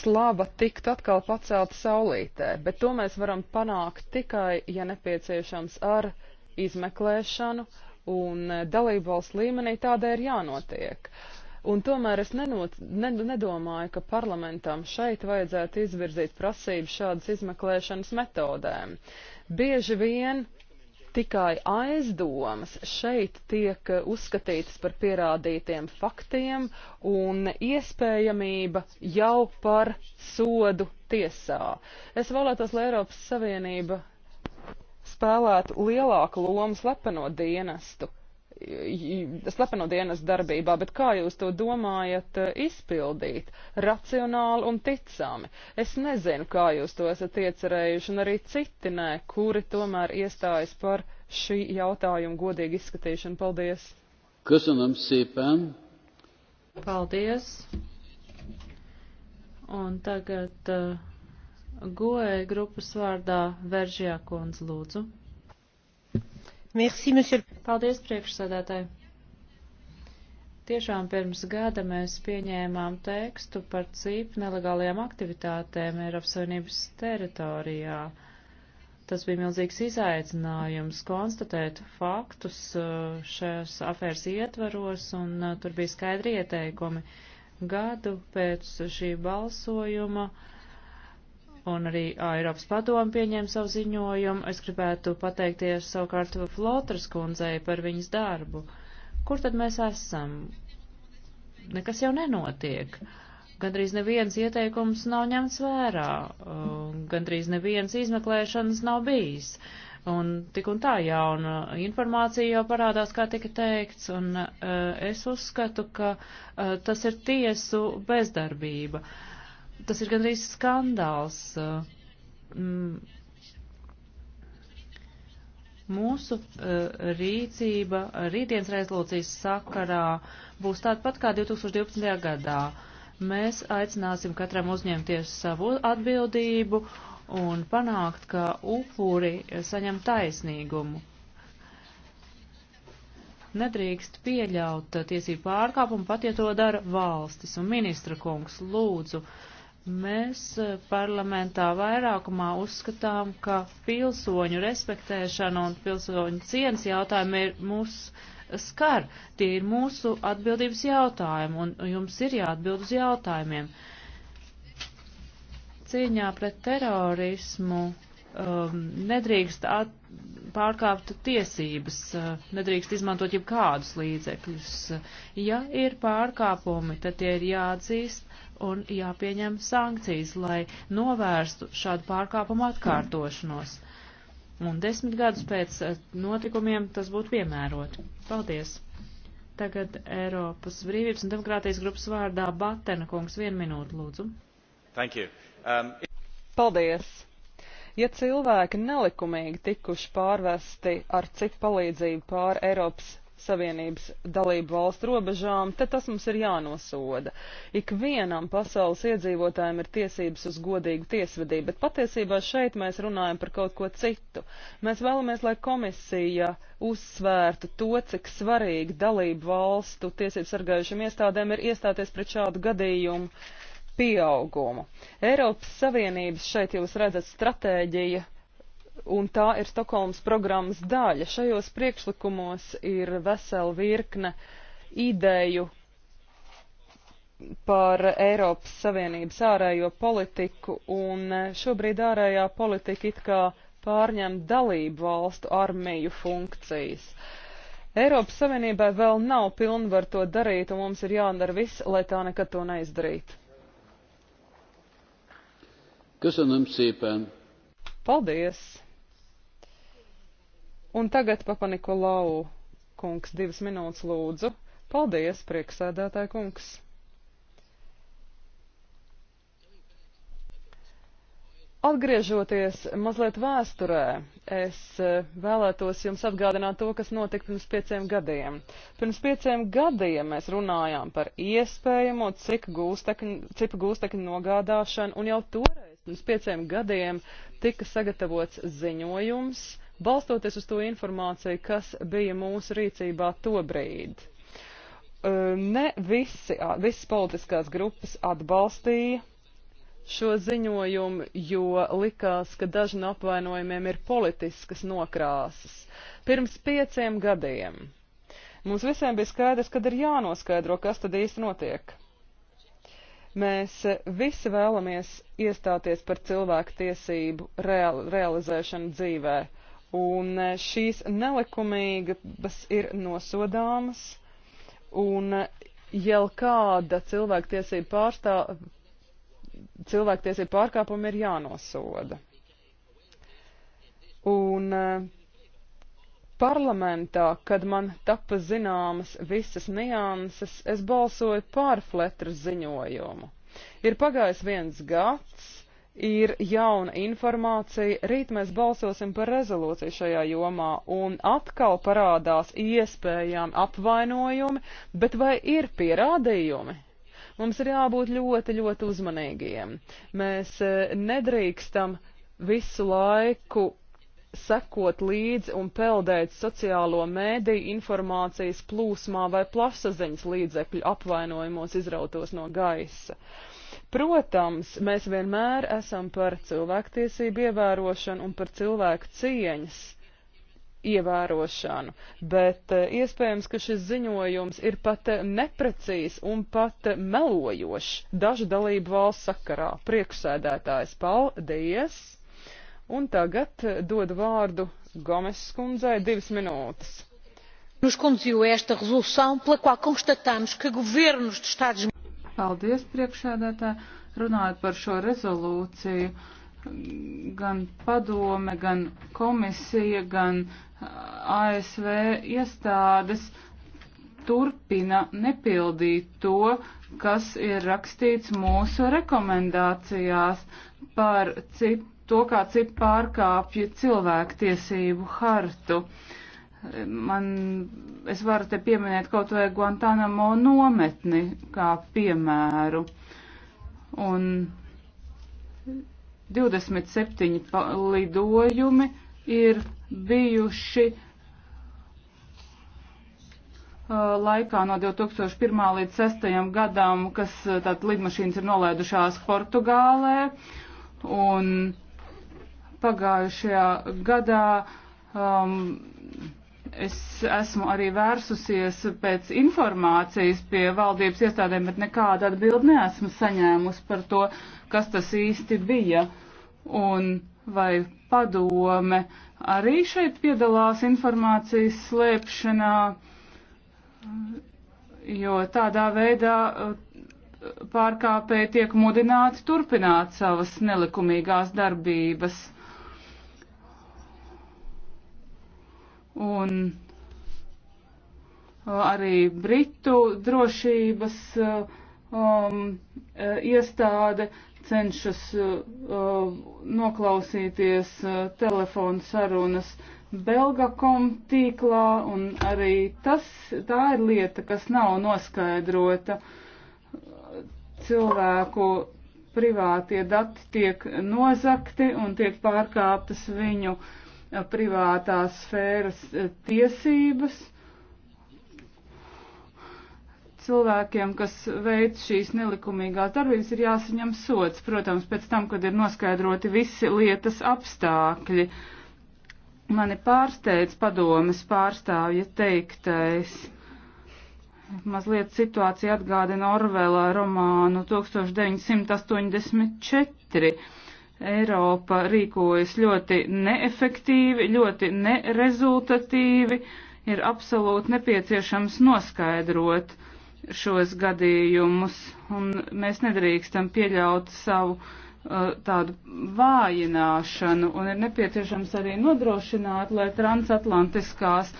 slava tiktu atkal pacelta saulītē, bet to mēs varam panākt tikai, ja nepieciešams, ar izmeklēšanu, un e, dalībvalsts līmenī tādai ir jānotiek. Un tomēr es nenot, ne, nedomāju, ka parlamentam šeit vajadzētu izvirzīt prasību šādas izmeklēšanas metodēm. Bieži vien tikai aizdomas šeit tiek uzskatītas par pierādītiem faktiem un iespējamība jau par sodu tiesā. Es vēlētos, lai Eiropas Savienība spēlētu lielāku lomu slepenot dienestu slepeno dienas darbībā, bet kā jūs to domājat eh, izpildīt? Racionāli un ticami. Es nezinu, kā jūs to esat iecerējuši, un arī citi nē, kuri tomēr iestājas par šī jautājuma godīgu izskatīšanu. Paldies! Köszönöm szépen! Paldies! Un tagad uh, GOE grupas vārdā Veržjā kundze lūdzu. Merci, monsieur. Paldies, priekšsēdētāji. Tiešām pirms gada mēs pieņēmām tekstu par cīp nelegālajām aktivitātēm Eiropas Savienības teritorijā. Tas bija milzīgs izaicinājums konstatēt faktus uh, šajās afēras ietvaros, un uh, tur bija skaidri ieteikumi. Gadu pēc šī balsojuma uh, un arī Eiropas padomu pieņēma savu ziņojumu. Es gribētu pateikties savukārt Flotras kundzei par viņas darbu. Kur tad mēs esam? Nekas jau nenotiek. Gandrīz neviens ieteikums nav ņemts vērā, gandrīz neviens izmeklēšanas nav bijis. Un tik un tā jauna informācija jau parādās, kā tika teikts, un uh, es uzskatu, ka uh, tas ir tiesu bezdarbība. Uh, tas ir gandrīz skandāls. Eh, mūsu eh, rīcība rītdienas rezolūcijas sakarā būs tāda pat kā 2012. gadā. Mēs aicināsim katram uzņemties savu atbildību un panākt, ka upuri saņem taisnīgumu. Nedrīkst pieļaut tiesību pārkāpumu, pat ja to dara valstis. Un ministra kungs, lūdzu, uh, Mēs eh, parlamentā vairākumā uzskatām, ka pilsoņu respektēšana un pilsoņu cienas jautājumi ir mūsu skar. Tie ir mūsu atbildības jautājumi, un jums ir jāatbild uz jautājumiem. Cīņā pret terorismu um, nedrīkst at, pārkāpt tiesības, uh, nedrīkst izmantot jebkādus līdzekļus. Ja ir pārkāpumi, tad tie ir jāatzīst un jāpieņem sankcijas, lai novērstu šādu pārkāpumu atkārtošanos. Un desmit gadus pēc eh, notikumiem tas būtu piemēroti. Paldies! Tagad Eiropas brīvības un demokrātijas grupas vārdā Batena kungs vienu minūtu lūdzu. Thank you. Um, it... Paldies! ja cilvēki nelikumīgi tikuši pārvesti ar citu palīdzību pāri Eiropas Savienības dalību valstu robežām, tad tas mums ir jānosoda. Ikvienam pasaules iedzīvotājiem ir tiesības uz godīgu tiesvedību, bet patiesībā šeit mēs runājam par kaut ko citu. Mēs vēlamies, lai komisija uzsvērtu to, cik svarīgi dalību valstu tiesību sargājušiem iestādēm ir iestāties pret šādu gadījumu pieaugumu. Eiropas Savienības šeit jūs redzat stratēģija un tā ir Stokholmas programmas daļa. Šajos priekšlikumos ir vesela virkne ideju par Eiropas Savienības ārējo politiku, un šobrīd ārējā politika it kā pārņem dalību valstu armiju funkcijas. Eiropas Savienībai vēl nav pilnvar to darīt, un mums ir jādara viss, lai tā nekad to neizdarītu. Köszönöm szépen! Paldies! Un tagad papa Nikolau kungs divas minūtes lūdzu. Paldies, prieksēdētāja kungs. Atgriežoties mazliet vēsturē, es e, vēlētos jums atgādināt to, kas notika pirms pieciem gadiem. Pirms pieciem gadiem mēs runājām par iespējamo cipu gūstekņu, gūstekņu nogādāšanu, un jau toreiz, pirms pieciem gadiem, tika sagatavots ziņojums, balstoties uz to informāciju, kas bija mūsu rīcībā tobrīd. Ne visi, visas politiskās grupas atbalstīja šo ziņojumu, jo likās, ka daži no apvainojumiem ir politiskas nokrāsas. Pirms pieciem gadiem mums visiem bija skaidrs, kad ir jānoskaidro, kas tad īsti notiek. Mēs e, visi vēlamies iestāties par cilvēku tiesību real, realizēšanu dzīvē, Un e, šīs nelikumīgas ir nosodāmas, un e, jau kāda cilvēktiesība pārstāv, cilvēktiesība pārkāpuma ir jānosoda. Un e, parlamentā, kad man tapa zināmas visas nianses, es balsoju pār Fletras ziņojumu. Ir pagājis viens gads, ir jauna informācija. Rīt mēs balsosim par rezolūciju šajā jomā un atkal parādās iespējām apvainojumi, bet vai ir pierādījumi? Mums ir jābūt ļoti, ļoti uzmanīgiem. Mēs e, nedrīkstam visu laiku sekot līdzi un peldēt sociālo mēdīju informācijas plūsmā vai plašsaziņas līdzekļu apvainojumos izrautos no gaisa. Uh, Protams, mēs vienmēr esam par cilvēktiesību ievērošanu un par cilvēku cieņas ievērošanu, bet eh, iespējams, ka šis ziņojums ir pat eh, neprecīzs un pat eh, melojošs dažu dalību valsts sakarā. Priekšsēdētājs, paldies! Un tagad dodu vārdu Gomes skundzei divas minūtes nos conduziu a esta resolução pela qual constatamos que governos de estados Paldies, priekšēdētā. Runājot par šo rezolūciju, gan padome, gan komisija, gan ASV iestādes turpina nepildīt to, kas ir rakstīts mūsu rekomendācijās par cip, to, kā cip pārkāpja cilvēktiesību hartu. Uh, Man, es varu te pieminēt kaut vai Guantanamo nometni kā piemēru. Un 27 lidojumi ir bijuši laikā no 2001. līdz 2006. gadam, kas tad lidmašīnas ir nolaidušās Portugālē. Un pagājušajā gadā um, es esmu arī vērsusies pēc informācijas pie valdības iestādēm, bet nekādu atbildi neesmu saņēmusi par to, kas tas īsti bija. Un vai padome arī šeit piedalās informācijas slēpšanā, jo tādā veidā uh, pārkāpēji tiek mudināti turpināt savas nelikumīgās darbības. un uh, arī Britu drošības uh, um, uh, iestāde cenšas uh, noklausīties uh, telefonu sarunas Belgakom tīklā, un arī tas, tā ir lieta, kas nav noskaidrota. Cilvēku privātie dati tiek nozakti un tiek pārkāptas viņu uh, privātās sfēras eh, tiesības cilvēkiem, kas veic šīs nelikumīgās darbības, ir jāsaņem sots, protams, pēc tam, kad ir noskaidroti visi lietas apstākļi. Mani pārsteidz padomas pārstāvja teiktais. Mazliet situācija atgādina Orvela romānu 1984. Eiropa rīkojas ļoti neefektīvi, ļoti nerezultatīvi. Ir absolūti nepieciešams noskaidrot šos gadījumus, un mēs nedrīkstam pieļaut savu uh, tādu vājināšanu, un ir nepieciešams arī nodrošināt, lai transatlantiskās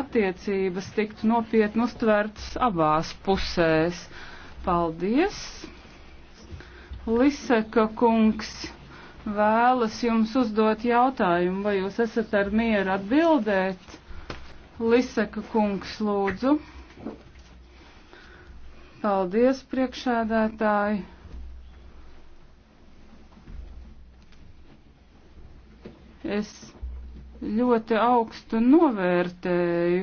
attiecības tiktu nopietni uztvertas abās pusēs. Paldies! Liseka kungs! vēlas jums uzdot jautājumu, vai jūs esat ar mieru atbildēt? Liseka kungs lūdzu. Paldies, priekšēdētāji. Es ļoti augstu novērtēju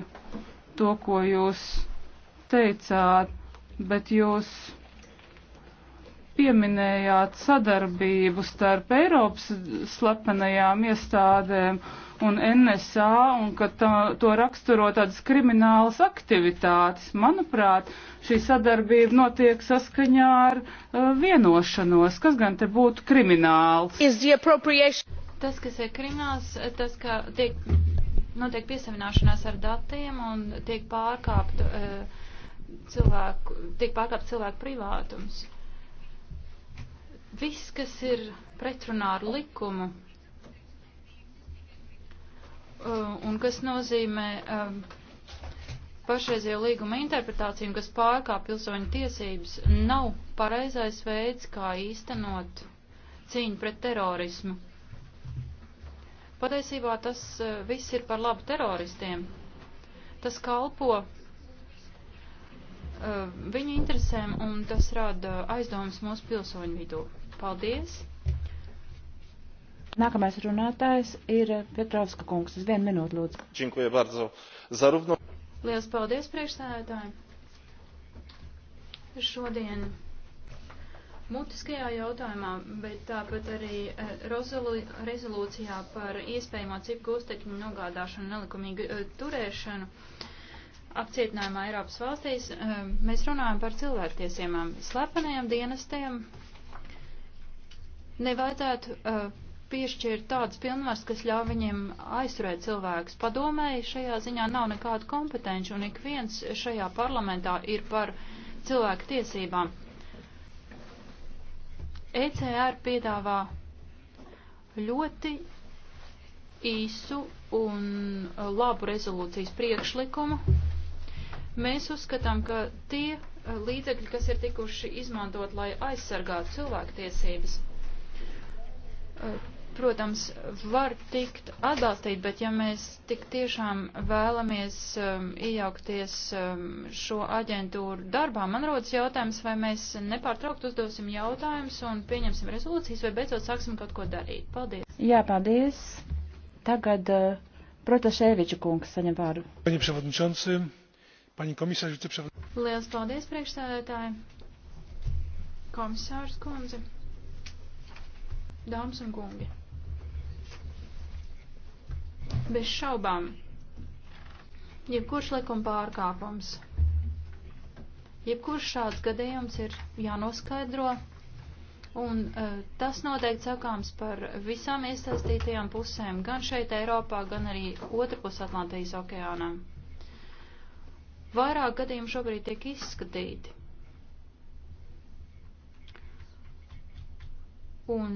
to, ko jūs teicāt, bet jūs pieminējāt sadarbību starp Eiropas slepenajām iestādēm un NSA un ka tā, to raksturo tādas kriminālas aktivitātes. Manuprāt, šī sadarbība notiek saskaņā ar uh, vienošanos, kas gan te būtu krimināls. Tas, kas ir krimināls, tas, ka tiek, notiek piesavināšanās ar datiem un tiek pārkāpt. Uh, cilvēku, tiek pārkāpt cilvēku privātums. Viss, kas ir pretrunā ar likumu uh, un kas nozīmē um, pašreizējo līguma interpretāciju, kas pārkāp pilsoņu tiesības, nav pareizais veids, kā īstenot cīņu pret terorismu. Patiesībā tas uh, viss ir par labu teroristiem. Tas kalpo uh, viņu interesēm, un tas rada aizdomas mūsu pilsoņu vidū. Paldies! Nākamais runātājs ir Petrovska kungs. Uz vienu minūtu lūdzu. Činkuja bardzo. Zaruvno. Lielas paldies priekšsēdētājiem. Šodien mutiskajā jautājumā, bet tāpat arī eh, rezolūcijā par iespējamo cipu gūstekņu nogādāšanu, nelikumīgu eh, turēšanu. Uh, apcietinājumā Eiropas valstīs, um, mēs runājam par cilvēktiesībām. Slepenajiem dienestiem nevajadzētu uh, piešķirt tādas pilnvaras, kas ļauj viņiem aizturēt cilvēkus. Padomēji šajā ziņā nav nekāda kompetenci, un ik viens šajā parlamentā ir par cilvēku tiesībām. ECR piedāvā ļoti īsu un labu rezolūcijas priekšlikumu, Mēs uzskatām, ka tie eh, līdzekļi, kas ir tikuši izmantot, lai aizsargātu cilvēktiesības, eh, protams, var tikt atbalstīt, bet ja mēs tik tiešām vēlamies um, iejaukties um, šo aģentūru darbā, man rodas jautājums, vai mēs nepārtraukt uzdosim jautājumus un pieņemsim rezolūcijas, vai beidzot sāksim kaut ko darīt. Paldies. Jā, paldies. Tagad uh, Protaševiča kungs saņem vārdu. Paņemšu vadničansi. Paņi komisārs, jūs apšaut. Liels paldies, priekšstādētāji. Komisārs kundze. Dāmas un kungi. Bez šaubām jebkurš likuma pārkāpums, jebkurš šāds gadījums ir jānoskaidro, un uh, tas noteikti sakāms par visām iesaistītajām pusēm, gan šeit Eiropā, gan arī otrpus Atlantijas okeānam. Vairāk gadījumu šobrīd tiek izskatīti. Un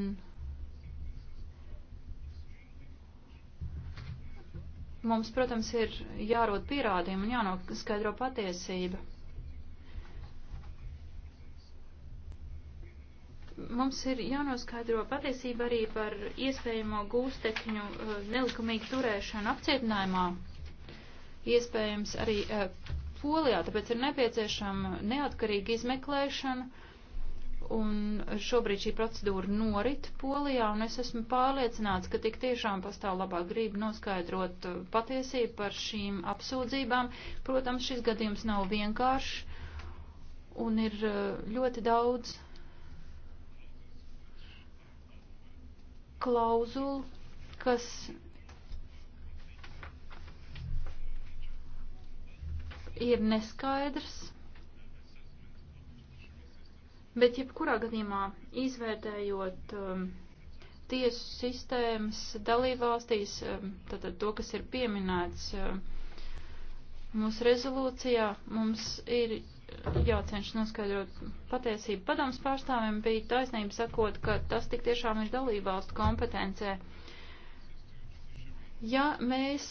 mums, protams, ir jārod pierādījumi un jānoskaidro patiesība. Mums ir jānoskaidro patiesība arī par iespējamo gūstekņu eh, nelikumīgu turēšanu apcietinājumā. Iespējams arī eh, Polijā, tāpēc ir nepieciešama neatkarīga izmeklēšana. Un šobrīd šī procedūra norit Polijā, un es esmu pārliecināts, ka tik tiešām pastāv labā grība noskaidrot uh, patiesību par šīm apsūdzībām. Protams, šis gadījums nav vienkāršs, un ir uh, ļoti daudz klauzulu, kas ir neskaidrs, bet jebkurā gadījumā izvērtējot um, tiesu sistēmas dalībvalstīs, um, tātad to, kas ir pieminēts um, mūsu rezolūcijā, mums ir jācenšas noskaidrot patiesību. Padoms pārstāvim bija taisnība sakot, ka tas tik tiešām ir dalībvalstu kompetencē. Ja mēs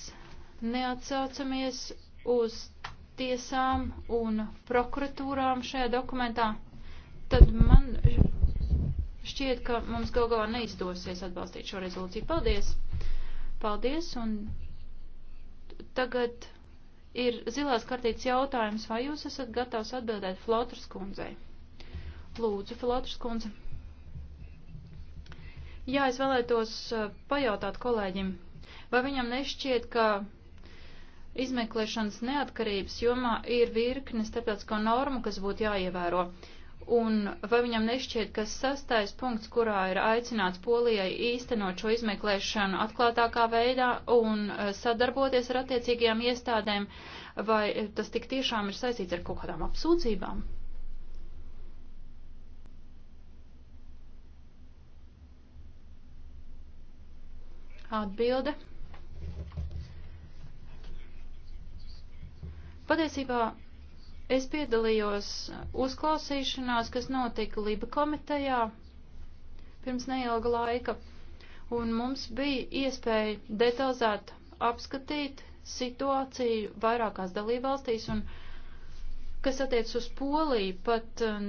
neatsaucamies uz tiesām un prokuratūrām šajā dokumentā, tad man šķiet, ka mums gal galā neizdosies atbalstīt šo rezolūciju. Paldies! Paldies! Un tagad ir zilās kartītes jautājums, vai jūs esat gatavs atbildēt Flotras kundzei? Lūdzu, Flotras kundze. Jā, es vēlētos eh, pajautāt kolēģim, vai viņam nešķiet, ka izmeklēšanas neatkarības jomā ir virkne starptautisko normu, kas būtu jāievēro. Un vai viņam nešķiet, ka sastais punkts, kurā ir aicināts Polijai īstenot šo izmeklēšanu atklātākā veidā un e, sadarboties ar attiecīgajām iestādēm, vai e, tas tik tiešām ir saistīts ar kaut kādām apsūdzībām? Atbilde. Patiesībā es piedalījos uzklausīšanās, kas notika Liba komitejā pirms neilga laika, un mums bija iespēja detalizēt apskatīt situāciju vairākās dalībvalstīs, un kas attiec uz Poliju, pat um,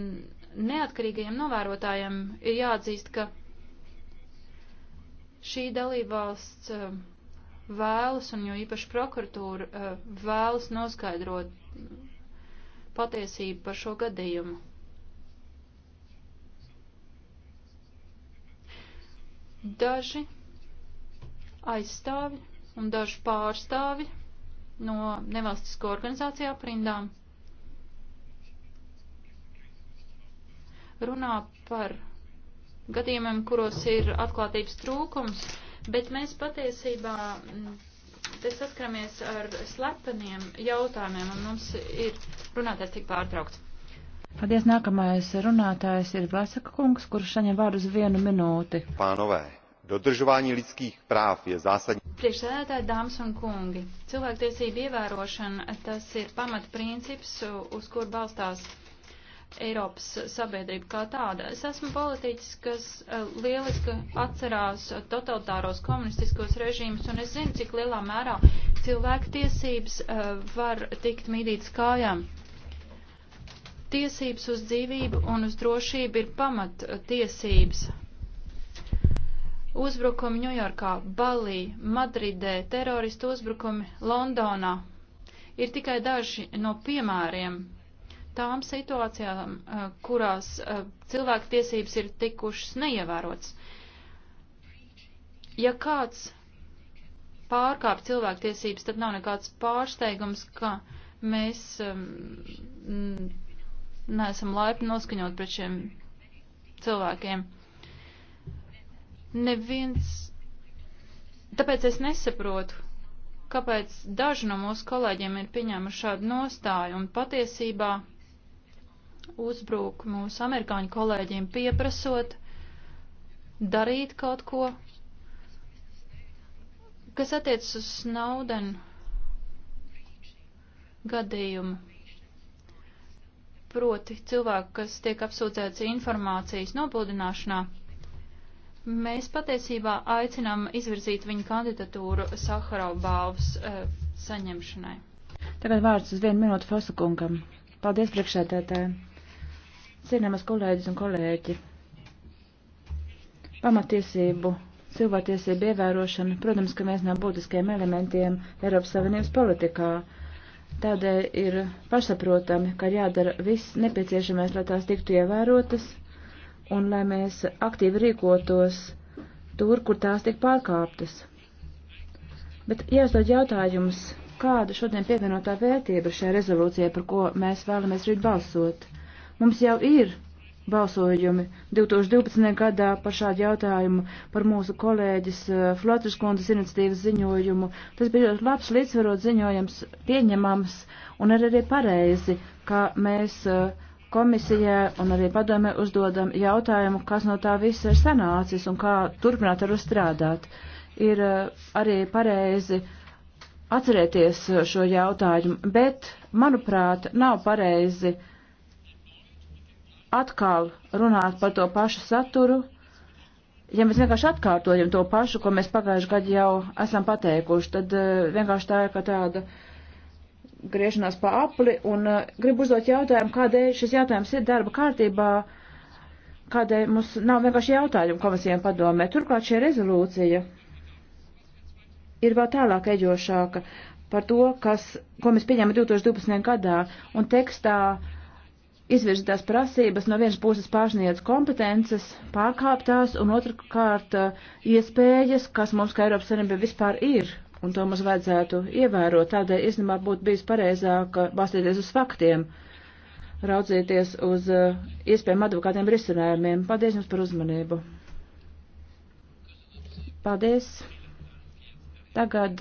neatkarīgajiem novērotājiem ir jāatzīst, ka šī dalībvalsts um, vēlas, un jo īpaši prokuratūra eh, vēlas noskaidrot patiesību par šo gadījumu. Daži aizstāvi un daži pārstāvi no nevalstisko organizāciju aprindām runā par gadījumiem, kuros ir atklātības trūkums bet mēs patiesībā mm, te saskaramies ar slepeniem jautājumiem, un mums ir runātājs tik pārtraukts. Paldies, nākamais runātājs ir Vlasaka kungs, kurš saņem vārdu uz vienu minūti. Pānovē, dodržovāņi lidských prāv je zásadní. Priekšsēdētāji, dāmas un kungi, cilvēktiesība ievērošana, tas ir pamatprincips, uz kur balstās Eiropas sabiedrību kā tāda. Es esmu politiķis, kas e, lieliski atcerās totalitāros komunistiskos režīmus, un es zinu, cik lielā mērā cilvēku tiesības e, var tikt mīdītas kājām. Tiesības uz dzīvību un uz drošību ir pamat e, tiesības. Uzbrukumi Ņujorkā, Balī, Madridē, teroristu uzbrukumi Londonā ir tikai daži no piemēriem tām situācijām, eh, kurās eh, cilvēku tiesības ir tikušas neievērotas. Ja kāds pārkāp cilvēku tiesības, tad nav nekāds pārsteigums, ka mēs ehm, neesam laipni noskaņot pret šiem cilvēkiem. Neviens. Tāpēc es nesaprotu, kāpēc daži no mūsu kolēģiem ir pieņēmuši šādu nostāju un patiesībā uzbrūk mūsu amerikāņu kolēģiem pieprasot darīt kaut ko, kas attiecas uz Snowden gadījumu. Proti cilvēku, kas tiek apsūdzēts informācijas nopludināšanā. Mēs patiesībā aicinām izvirzīt viņu kandidatūru Saharau balvas e, saņemšanai. Tagad vārds uz vienu minūtu Fosakungam. Paldies priekšētētājai. Cienījamas kolēģis un kolēģi, pamatiesību, cilvēktiesību ievērošana, protams, ka viens no būtiskajiem elementiem Eiropas Savienības politikā. Tādēļ ir pašsaprotami, ka jādara viss nepieciešamais, lai tās tiktu ievērotas un lai mēs aktīvi rīkotos tur, kur tās tiek pārkāptas. Bet jāuzdod jautājums, kāda šodien pievienotā vērtība šajā rezolūcijā, par ko mēs vēlamies rīt balsot? Mums jau ir balsojumi 2012. gadā par šādu jautājumu, par mūsu kolēģis eh, Flotras kundas iniciatīvas ziņojumu. Tas bija ļoti labs, līdzsvarot ziņojums, pieņemams un arī, arī pareizi, ka mēs eh, komisijā un arī padomē uzdodam jautājumu, kas no tā viss ir sanācis un kā turpināt ar uzstrādāt. Ir eh, arī pareizi atcerēties šo jautājumu, bet, manuprāt, nav pareizi uh, atkal runāt par to pašu saturu, ja mēs vienkārši atkārtojam to pašu, ko mēs pagājuši gadu jau esam pateikuši, tad eh, vienkārši tā ir kā tāda griešanās pa apli, un eh, gribu uzdot jautājumu, kādēļ šis jautājums ir darba kārtībā, kādēļ mums nav vienkārši jautājumu komisijām padomē. Turklāt šī rezolūcija ir vēl tālāk eģošāka par to, kas, ko mēs pieņēmām 2012. gadā, un tekstā uh, izvirzītās prasības no vienas puses pārsniedz kompetences, pārkāptās, un otrkārt eh, iespējas, kas mums kā Eiropas Savienībai vispār ir, un to mums vajadzētu ievērot. Tādēļ, īstenībā, būtu bijis pareizāk eh, balstīties uz faktiem, raudzīties uz eh, iespējām advokātiem risinājumiem. Paldies jums par uzmanību. Paldies. Tagad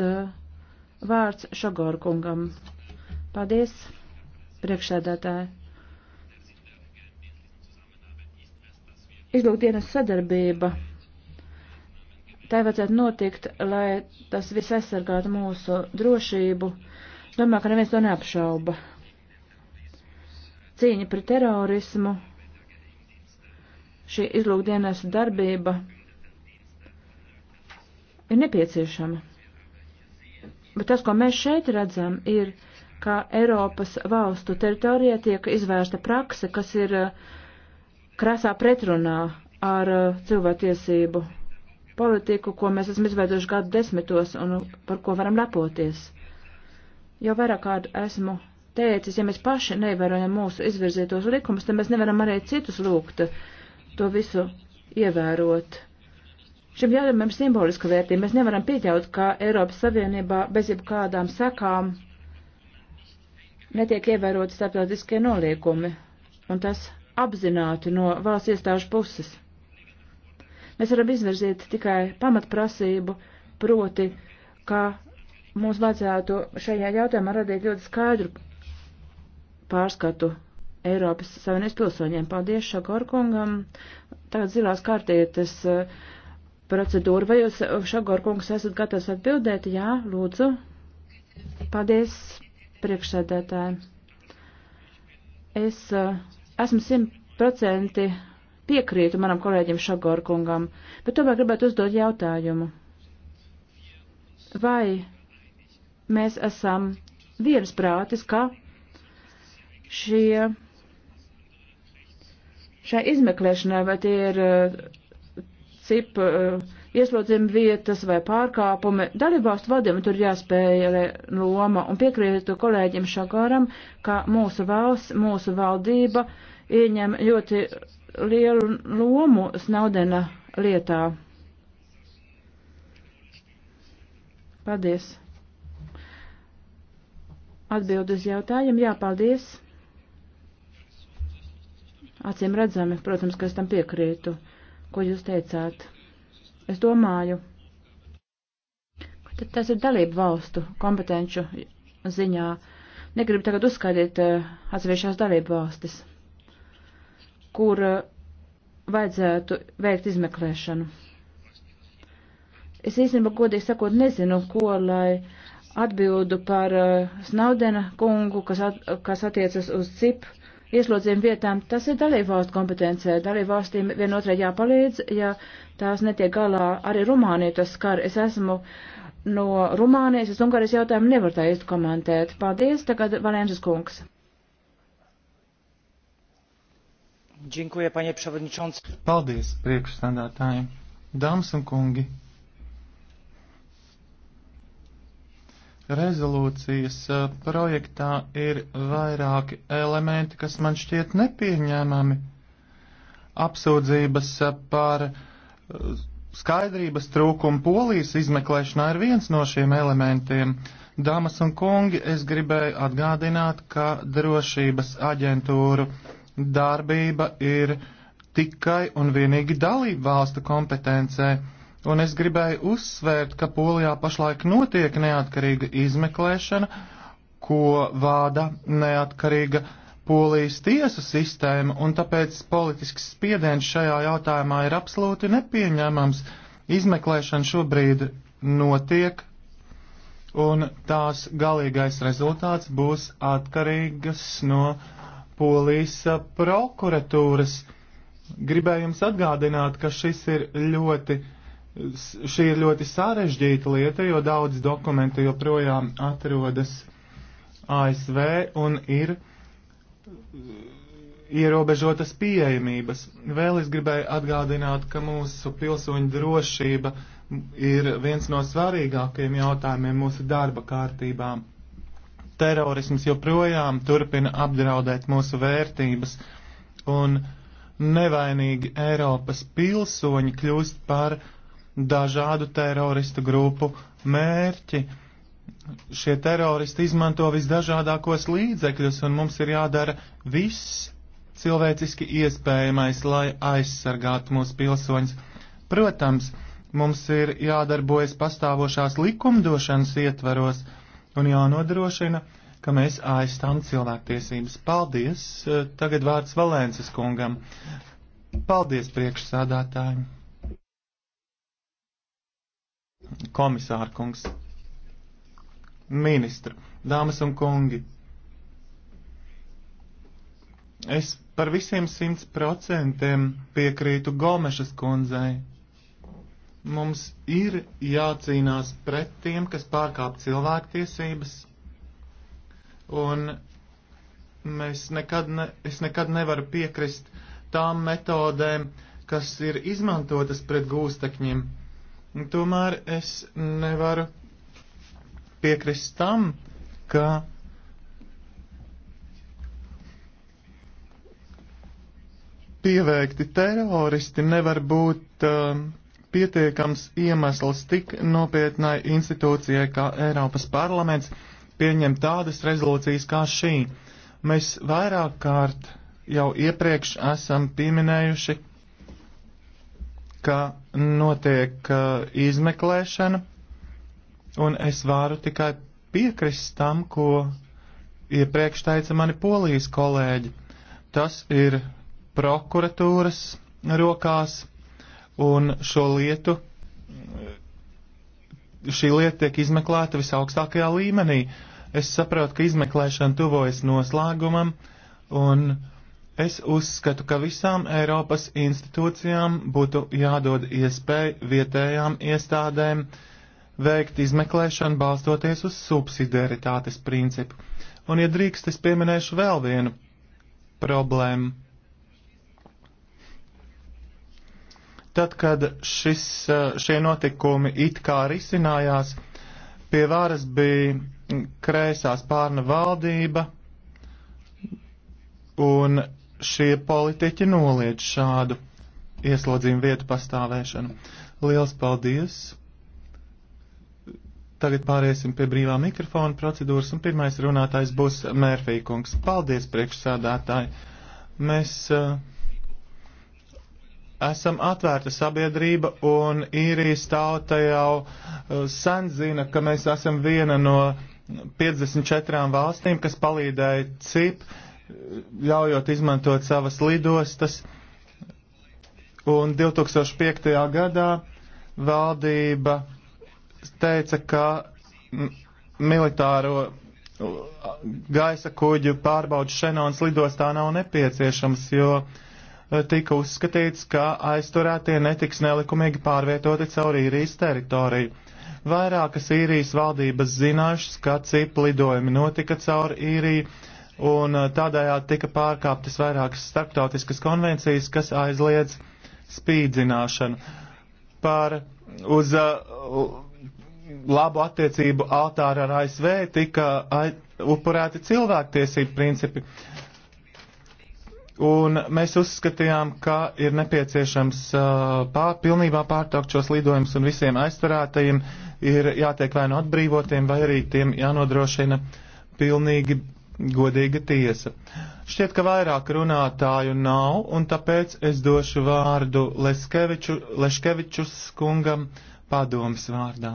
vārds Šagorkungam. Paldies, priekšsēdētāji. izlūkdienas sadarbība. Tā vajadzētu notikt, lai tas viss aizsargātu mūsu drošību. Domāju, ka neviens to neapšauba. Cīņa pret terorismu, šī izlūkdienas darbība ir nepieciešama. Bet tas, ko mēs šeit redzam, ir, ka Eiropas valstu teritorijā tiek izvērsta prakse, kas ir uh, krasā pretrunā ar uh, cilvēktiesību politiku, ko mēs esam izveidojuši gadu desmitos un par ko varam lepoties. Jau vairāk kārt esmu teicis, ja mēs paši nevērojam mūsu izvirzītos likumus, tad mēs nevaram arī citus lūgt to visu ievērot. Šim jautājumam ir simboliska vērtība. Mēs nevaram pieļaut, ka Eiropas Savienībā bez jebkādām sekām netiek ievēroti starptautiskie noliekumi, un tas apzināti no valsts iestāžu puses. Mēs varam izvirzīt tikai pamatprasību, proti, ka mums vajadzētu šajā jautājumā radīt ļoti skaidru pārskatu Eiropas Savienības pilsoņiem. Paldies Šagorkungam. Tagad zilās kārtietas eh, procedūra. Vai jūs, eh, Šagorkungs, esat gatavs atbildēt? Jā, lūdzu. Paldies priekšsēdētājiem. Es uh, Esmu simtprocenti piekrītu manam kolēģim Šagorkungam, bet tomēr gribētu uzdot jautājumu. Vai mēs esam viensprātis, ka šie, šai izmeklēšanai, vai tie ir eh, cip eh, ieslodzījuma vietas vai pārkāpumi, dalībvalstu vadiem tur jāspēja loma un piekrītu kolēģim Šagoram, ka mūsu valsts, mūsu valdība, uh, ieņem ļoti lielu lomu Snaudena lietā. Paldies. Atbild uz jautājumu. Jā, paldies. Acīm redzami, protams, ka es tam piekrītu, ko jūs teicāt. Es domāju, ka tas ir dalību valstu kompetenču ziņā. Negribu tagad uzskaidīt uh, eh, atsevišķās dalību valstis kur eh, vajadzētu veikt izmeklēšanu. Es īstenībā, godīgi sakot, nezinu, ko, lai atbildu par uh, Snaudena kungu, kas, at, kas attiecas uz CIP ieslodzījumu vietām. Tas ir dalībvalstu kompetencē. Dalībvalstīm vienotrai jāpalīdz, ja tās netiek galā. Arī Rumānija tas skar. Es esmu no Rumānijas, es Ungārijas jautājumu nevaru tā īsti komentēt. Paldies, tagad Valēnšas kungs. Dziękuję, panie przewodniczący. Paldies, priekšstādātājiem. Dāmas un kungi. rezolūcijas projektā ir vairāki elementi, kas man šķiet nepieņēmami. Apsūdzības par skaidrības trūkumu polijas izmeklēšanā ir viens no šiem elementiem. Dāmas un kungi, es gribēju atgādināt, ka drošības aģentūru darbība ir tikai un vienīgi dalību valstu kompetencē, un es gribēju uzsvērt, ka Polijā pašlaik notiek neatkarīga izmeklēšana, ko vāda neatkarīga Polijas tiesu sistēma, un tāpēc politisks spiediens šajā jautājumā ir absolūti nepieņemams. Izmeklēšana šobrīd notiek, un tās galīgais rezultāts būs atkarīgas no polijas prokuratūras. Gribēju jums atgādināt, ka šis ir ļoti, šī ir ļoti sarežģīta lieta, jo daudz dokumentu joprojām atrodas ASV un ir ierobežotas pieejamības. Vēl es gribēju atgādināt, ka mūsu pilsoņu drošība ir viens no svarīgākajiem jautājumiem mūsu darba kārtībām terorisms joprojām turpina apdraudēt mūsu vērtības, un nevainīgi Eiropas pilsoņi kļūst par dažādu teroristu grupu mērķi. Šie teroristi izmanto visdažādākos līdzekļus, un mums ir jādara viss cilvēciski iespējamais, lai aizsargātu mūsu pilsoņus. Protams, mums ir jādarbojas pastāvošās likumdošanas ietvaros, un jānodrošina, ka mēs aizstāvam cilvēktiesības. Paldies! Eh, tagad vārds Valēnces kungam. Paldies priekšsādātājiem! Komisāra kungs, ministra, dāmas un kungi, es par visiem simt procentiem piekrītu Gomešas kundzei Mums ir jācīnās pret tiem, kas pārkāp cilvēktiesības, un mēs nekad ne, es nekad nevaru piekrist tām metodēm, kas ir izmantotas pret gūstekņiem. Tomēr es nevaru piekrist tam, ka pieveikti teroristi nevar būt um, pietiekams iemesls tik nopietnai institūcijai kā Eiropas parlaments pieņemt tādas rezolūcijas kā šī. Mēs vairāk kārt jau iepriekš esam pieminējuši, ka notiek uh, izmeklēšana, un es varu tikai piekrist tam, ko iepriekš teica mani polijas kolēģi. Tas ir prokuratūras rokās, un šo lietu, šī lieta tiek izmeklēta visaugstākajā līmenī. Es saprotu, ka izmeklēšana tuvojas noslēgumam, un es uzskatu, ka visām Eiropas institūcijām būtu jādod iespēja vietējām iestādēm veikt izmeklēšanu balstoties uz subsidiaritātes principu. Un, ja drīkst, es pieminēšu vēl vienu problēmu Tad, kad šis, šie notikumi it kā risinājās, pie varas bija kreisā spārna valdība, un šie politiķi noliedz šādu ieslodzījumu vietu pastāvēšanu. Liels paldies! Tagad pāriesim pie brīvā mikrofona procedūras, un pirmais runātājs būs Mērfīkungs. Paldies, priekšsādātāji! Mēs uh, esam atvērta sabiedrība, un īrijas tauta jau eh, sen zina, ka mēs esam viena no 54 valstīm, kas palīdēja CIP, ļaujot izmantot savas lidostas. Un 2005. gadā valdība teica, ka militāro uh, gaisa kuģu pārbaudu Šenons lidostā nav nepieciešams, jo uh, tika uzskatīts, ka aizturētie netiks nelikumīgi pārvietoti caur īrijas teritoriju. Vairākas īrijas valdības zināšas, ka cip lidojumi notika caur īriju, un uh, tādējādi tika pārkāptas vairākas starptautiskas konvencijas, kas aizliedz spīdzināšanu. Par uz uh, labu attiecību altāra ar ASV tika upurēti cilvēktiesību principi. Uh, Un mēs uzskatījām, ka ir nepieciešams pār, pilnībā pārtraukt šos lidojumus un visiem aizturētajiem ir jātiek vai nu no atbrīvotiem, vai arī tiem jānodrošina pilnīgi godīga tiesa. Šķiet, ka vairāk runātāju nav, un tāpēc es došu vārdu Leskeviču, Leškevičus kungam padomas vārdā.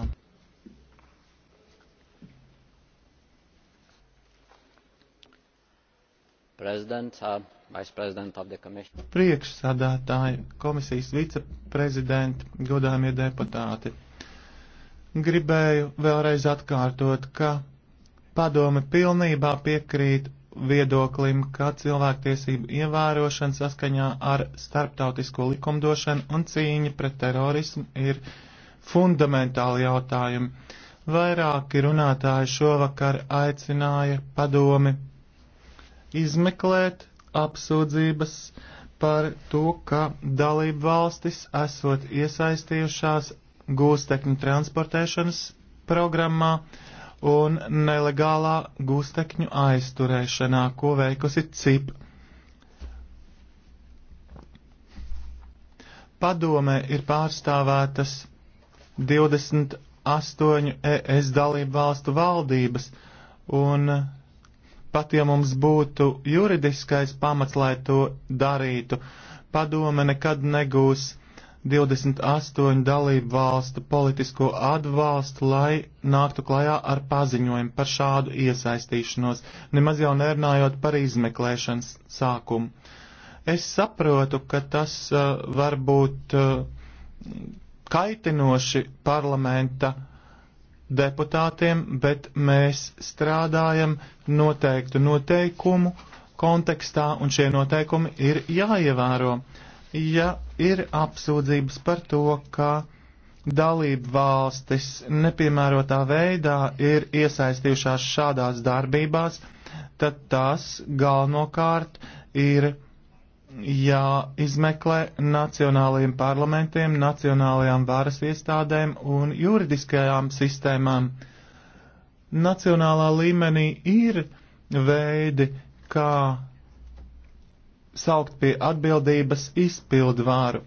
Prezidents. Uh... Priekšsādātāji, komisijas viceprezidenti, godāmie deputāti, gribēju vēlreiz atkārtot, ka padome pilnībā piekrīt viedoklim, ka cilvēktiesību ievērošana saskaņā ar starptautisko likumdošanu un cīņa pret terorismu ir fundamentāli jautājumi. Vairāki runātāji šovakar aicināja padomi izmeklēt apsūdzības par to, ka dalību valstis esot iesaistījušās gūstekņu transportēšanas programmā un nelegālā gūstekņu aizturēšanā, ko veikusi CIP. Padomē ir pārstāvētas 28 ES dalību valstu valdības, un Pat ja mums būtu juridiskais pamats, lai to darītu, padome nekad negūs 28 dalību valstu politisko atbalstu, lai nāktu klajā ar paziņojumu par šādu iesaistīšanos, nemaz jau nerunājot par izmeklēšanas sākumu. Es saprotu, ka tas uh, var būt uh, kaitinoši parlamenta uh, deputātiem, bet mēs strādājam noteiktu noteikumu kontekstā, un šie noteikumi ir jāievēro. Ja ir apsūdzības par to, ka dalību valstis nepiemērotā veidā ir iesaistījušās šādās darbībās, tad tas galvenokārt ir jāizmeklē nacionālajiem parlamentiem, nacionālajām varas iestādēm un juridiskajām sistēmām. Nacionālā līmenī ir veidi, kā saukt pie atbildības izpildu vāru.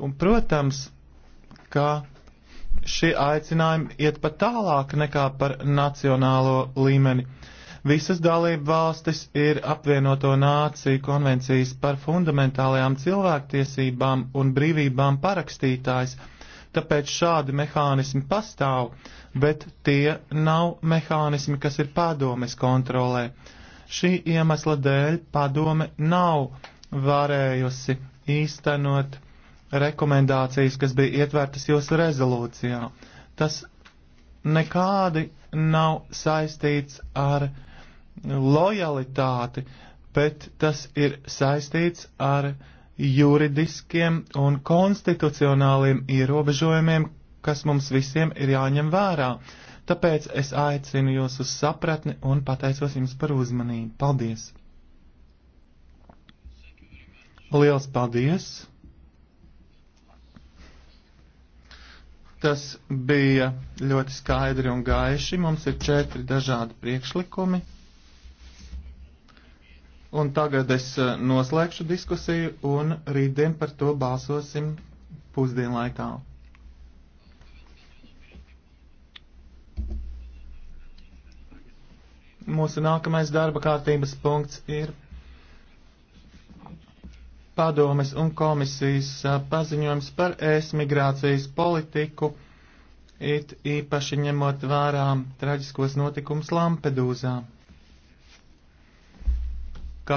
Un, protams, ka šie aicinājumi iet pat tālāk nekā par nacionālo līmeni. Uh, Visas dalību valstis ir apvienoto nāciju konvencijas par fundamentālajām cilvēktiesībām un brīvībām parakstītājs, tāpēc šādi mehānismi pastāv, bet tie nav mehānismi, kas ir padomes kontrolē. Šī iemesla dēļ padome nav varējusi īstenot rekomendācijas, kas bija ietvertas jūsu rezolūcijā. Tas nekādi nav saistīts ar lojalitāti, bet tas ir saistīts ar juridiskiem un konstitucionāliem ierobežojumiem, kas mums visiem ir jāņem vērā. Tāpēc es aicinu jūs uz sapratni un pateicos jums par uzmanību. Paldies! Liels paldies! Tas bija ļoti skaidri un gaiši. Mums ir četri dažādi priekšlikumi. Un tagad es eh, noslēgšu diskusiju un rītdien par to balsosim pusdienlaikā. Mūsu nākamais darba kārtības punkts ir padomes un komisijas eh, paziņojums par ēs migrācijas politiku, it īpaši ņemot vērā traģiskos notikums Lampedūzā.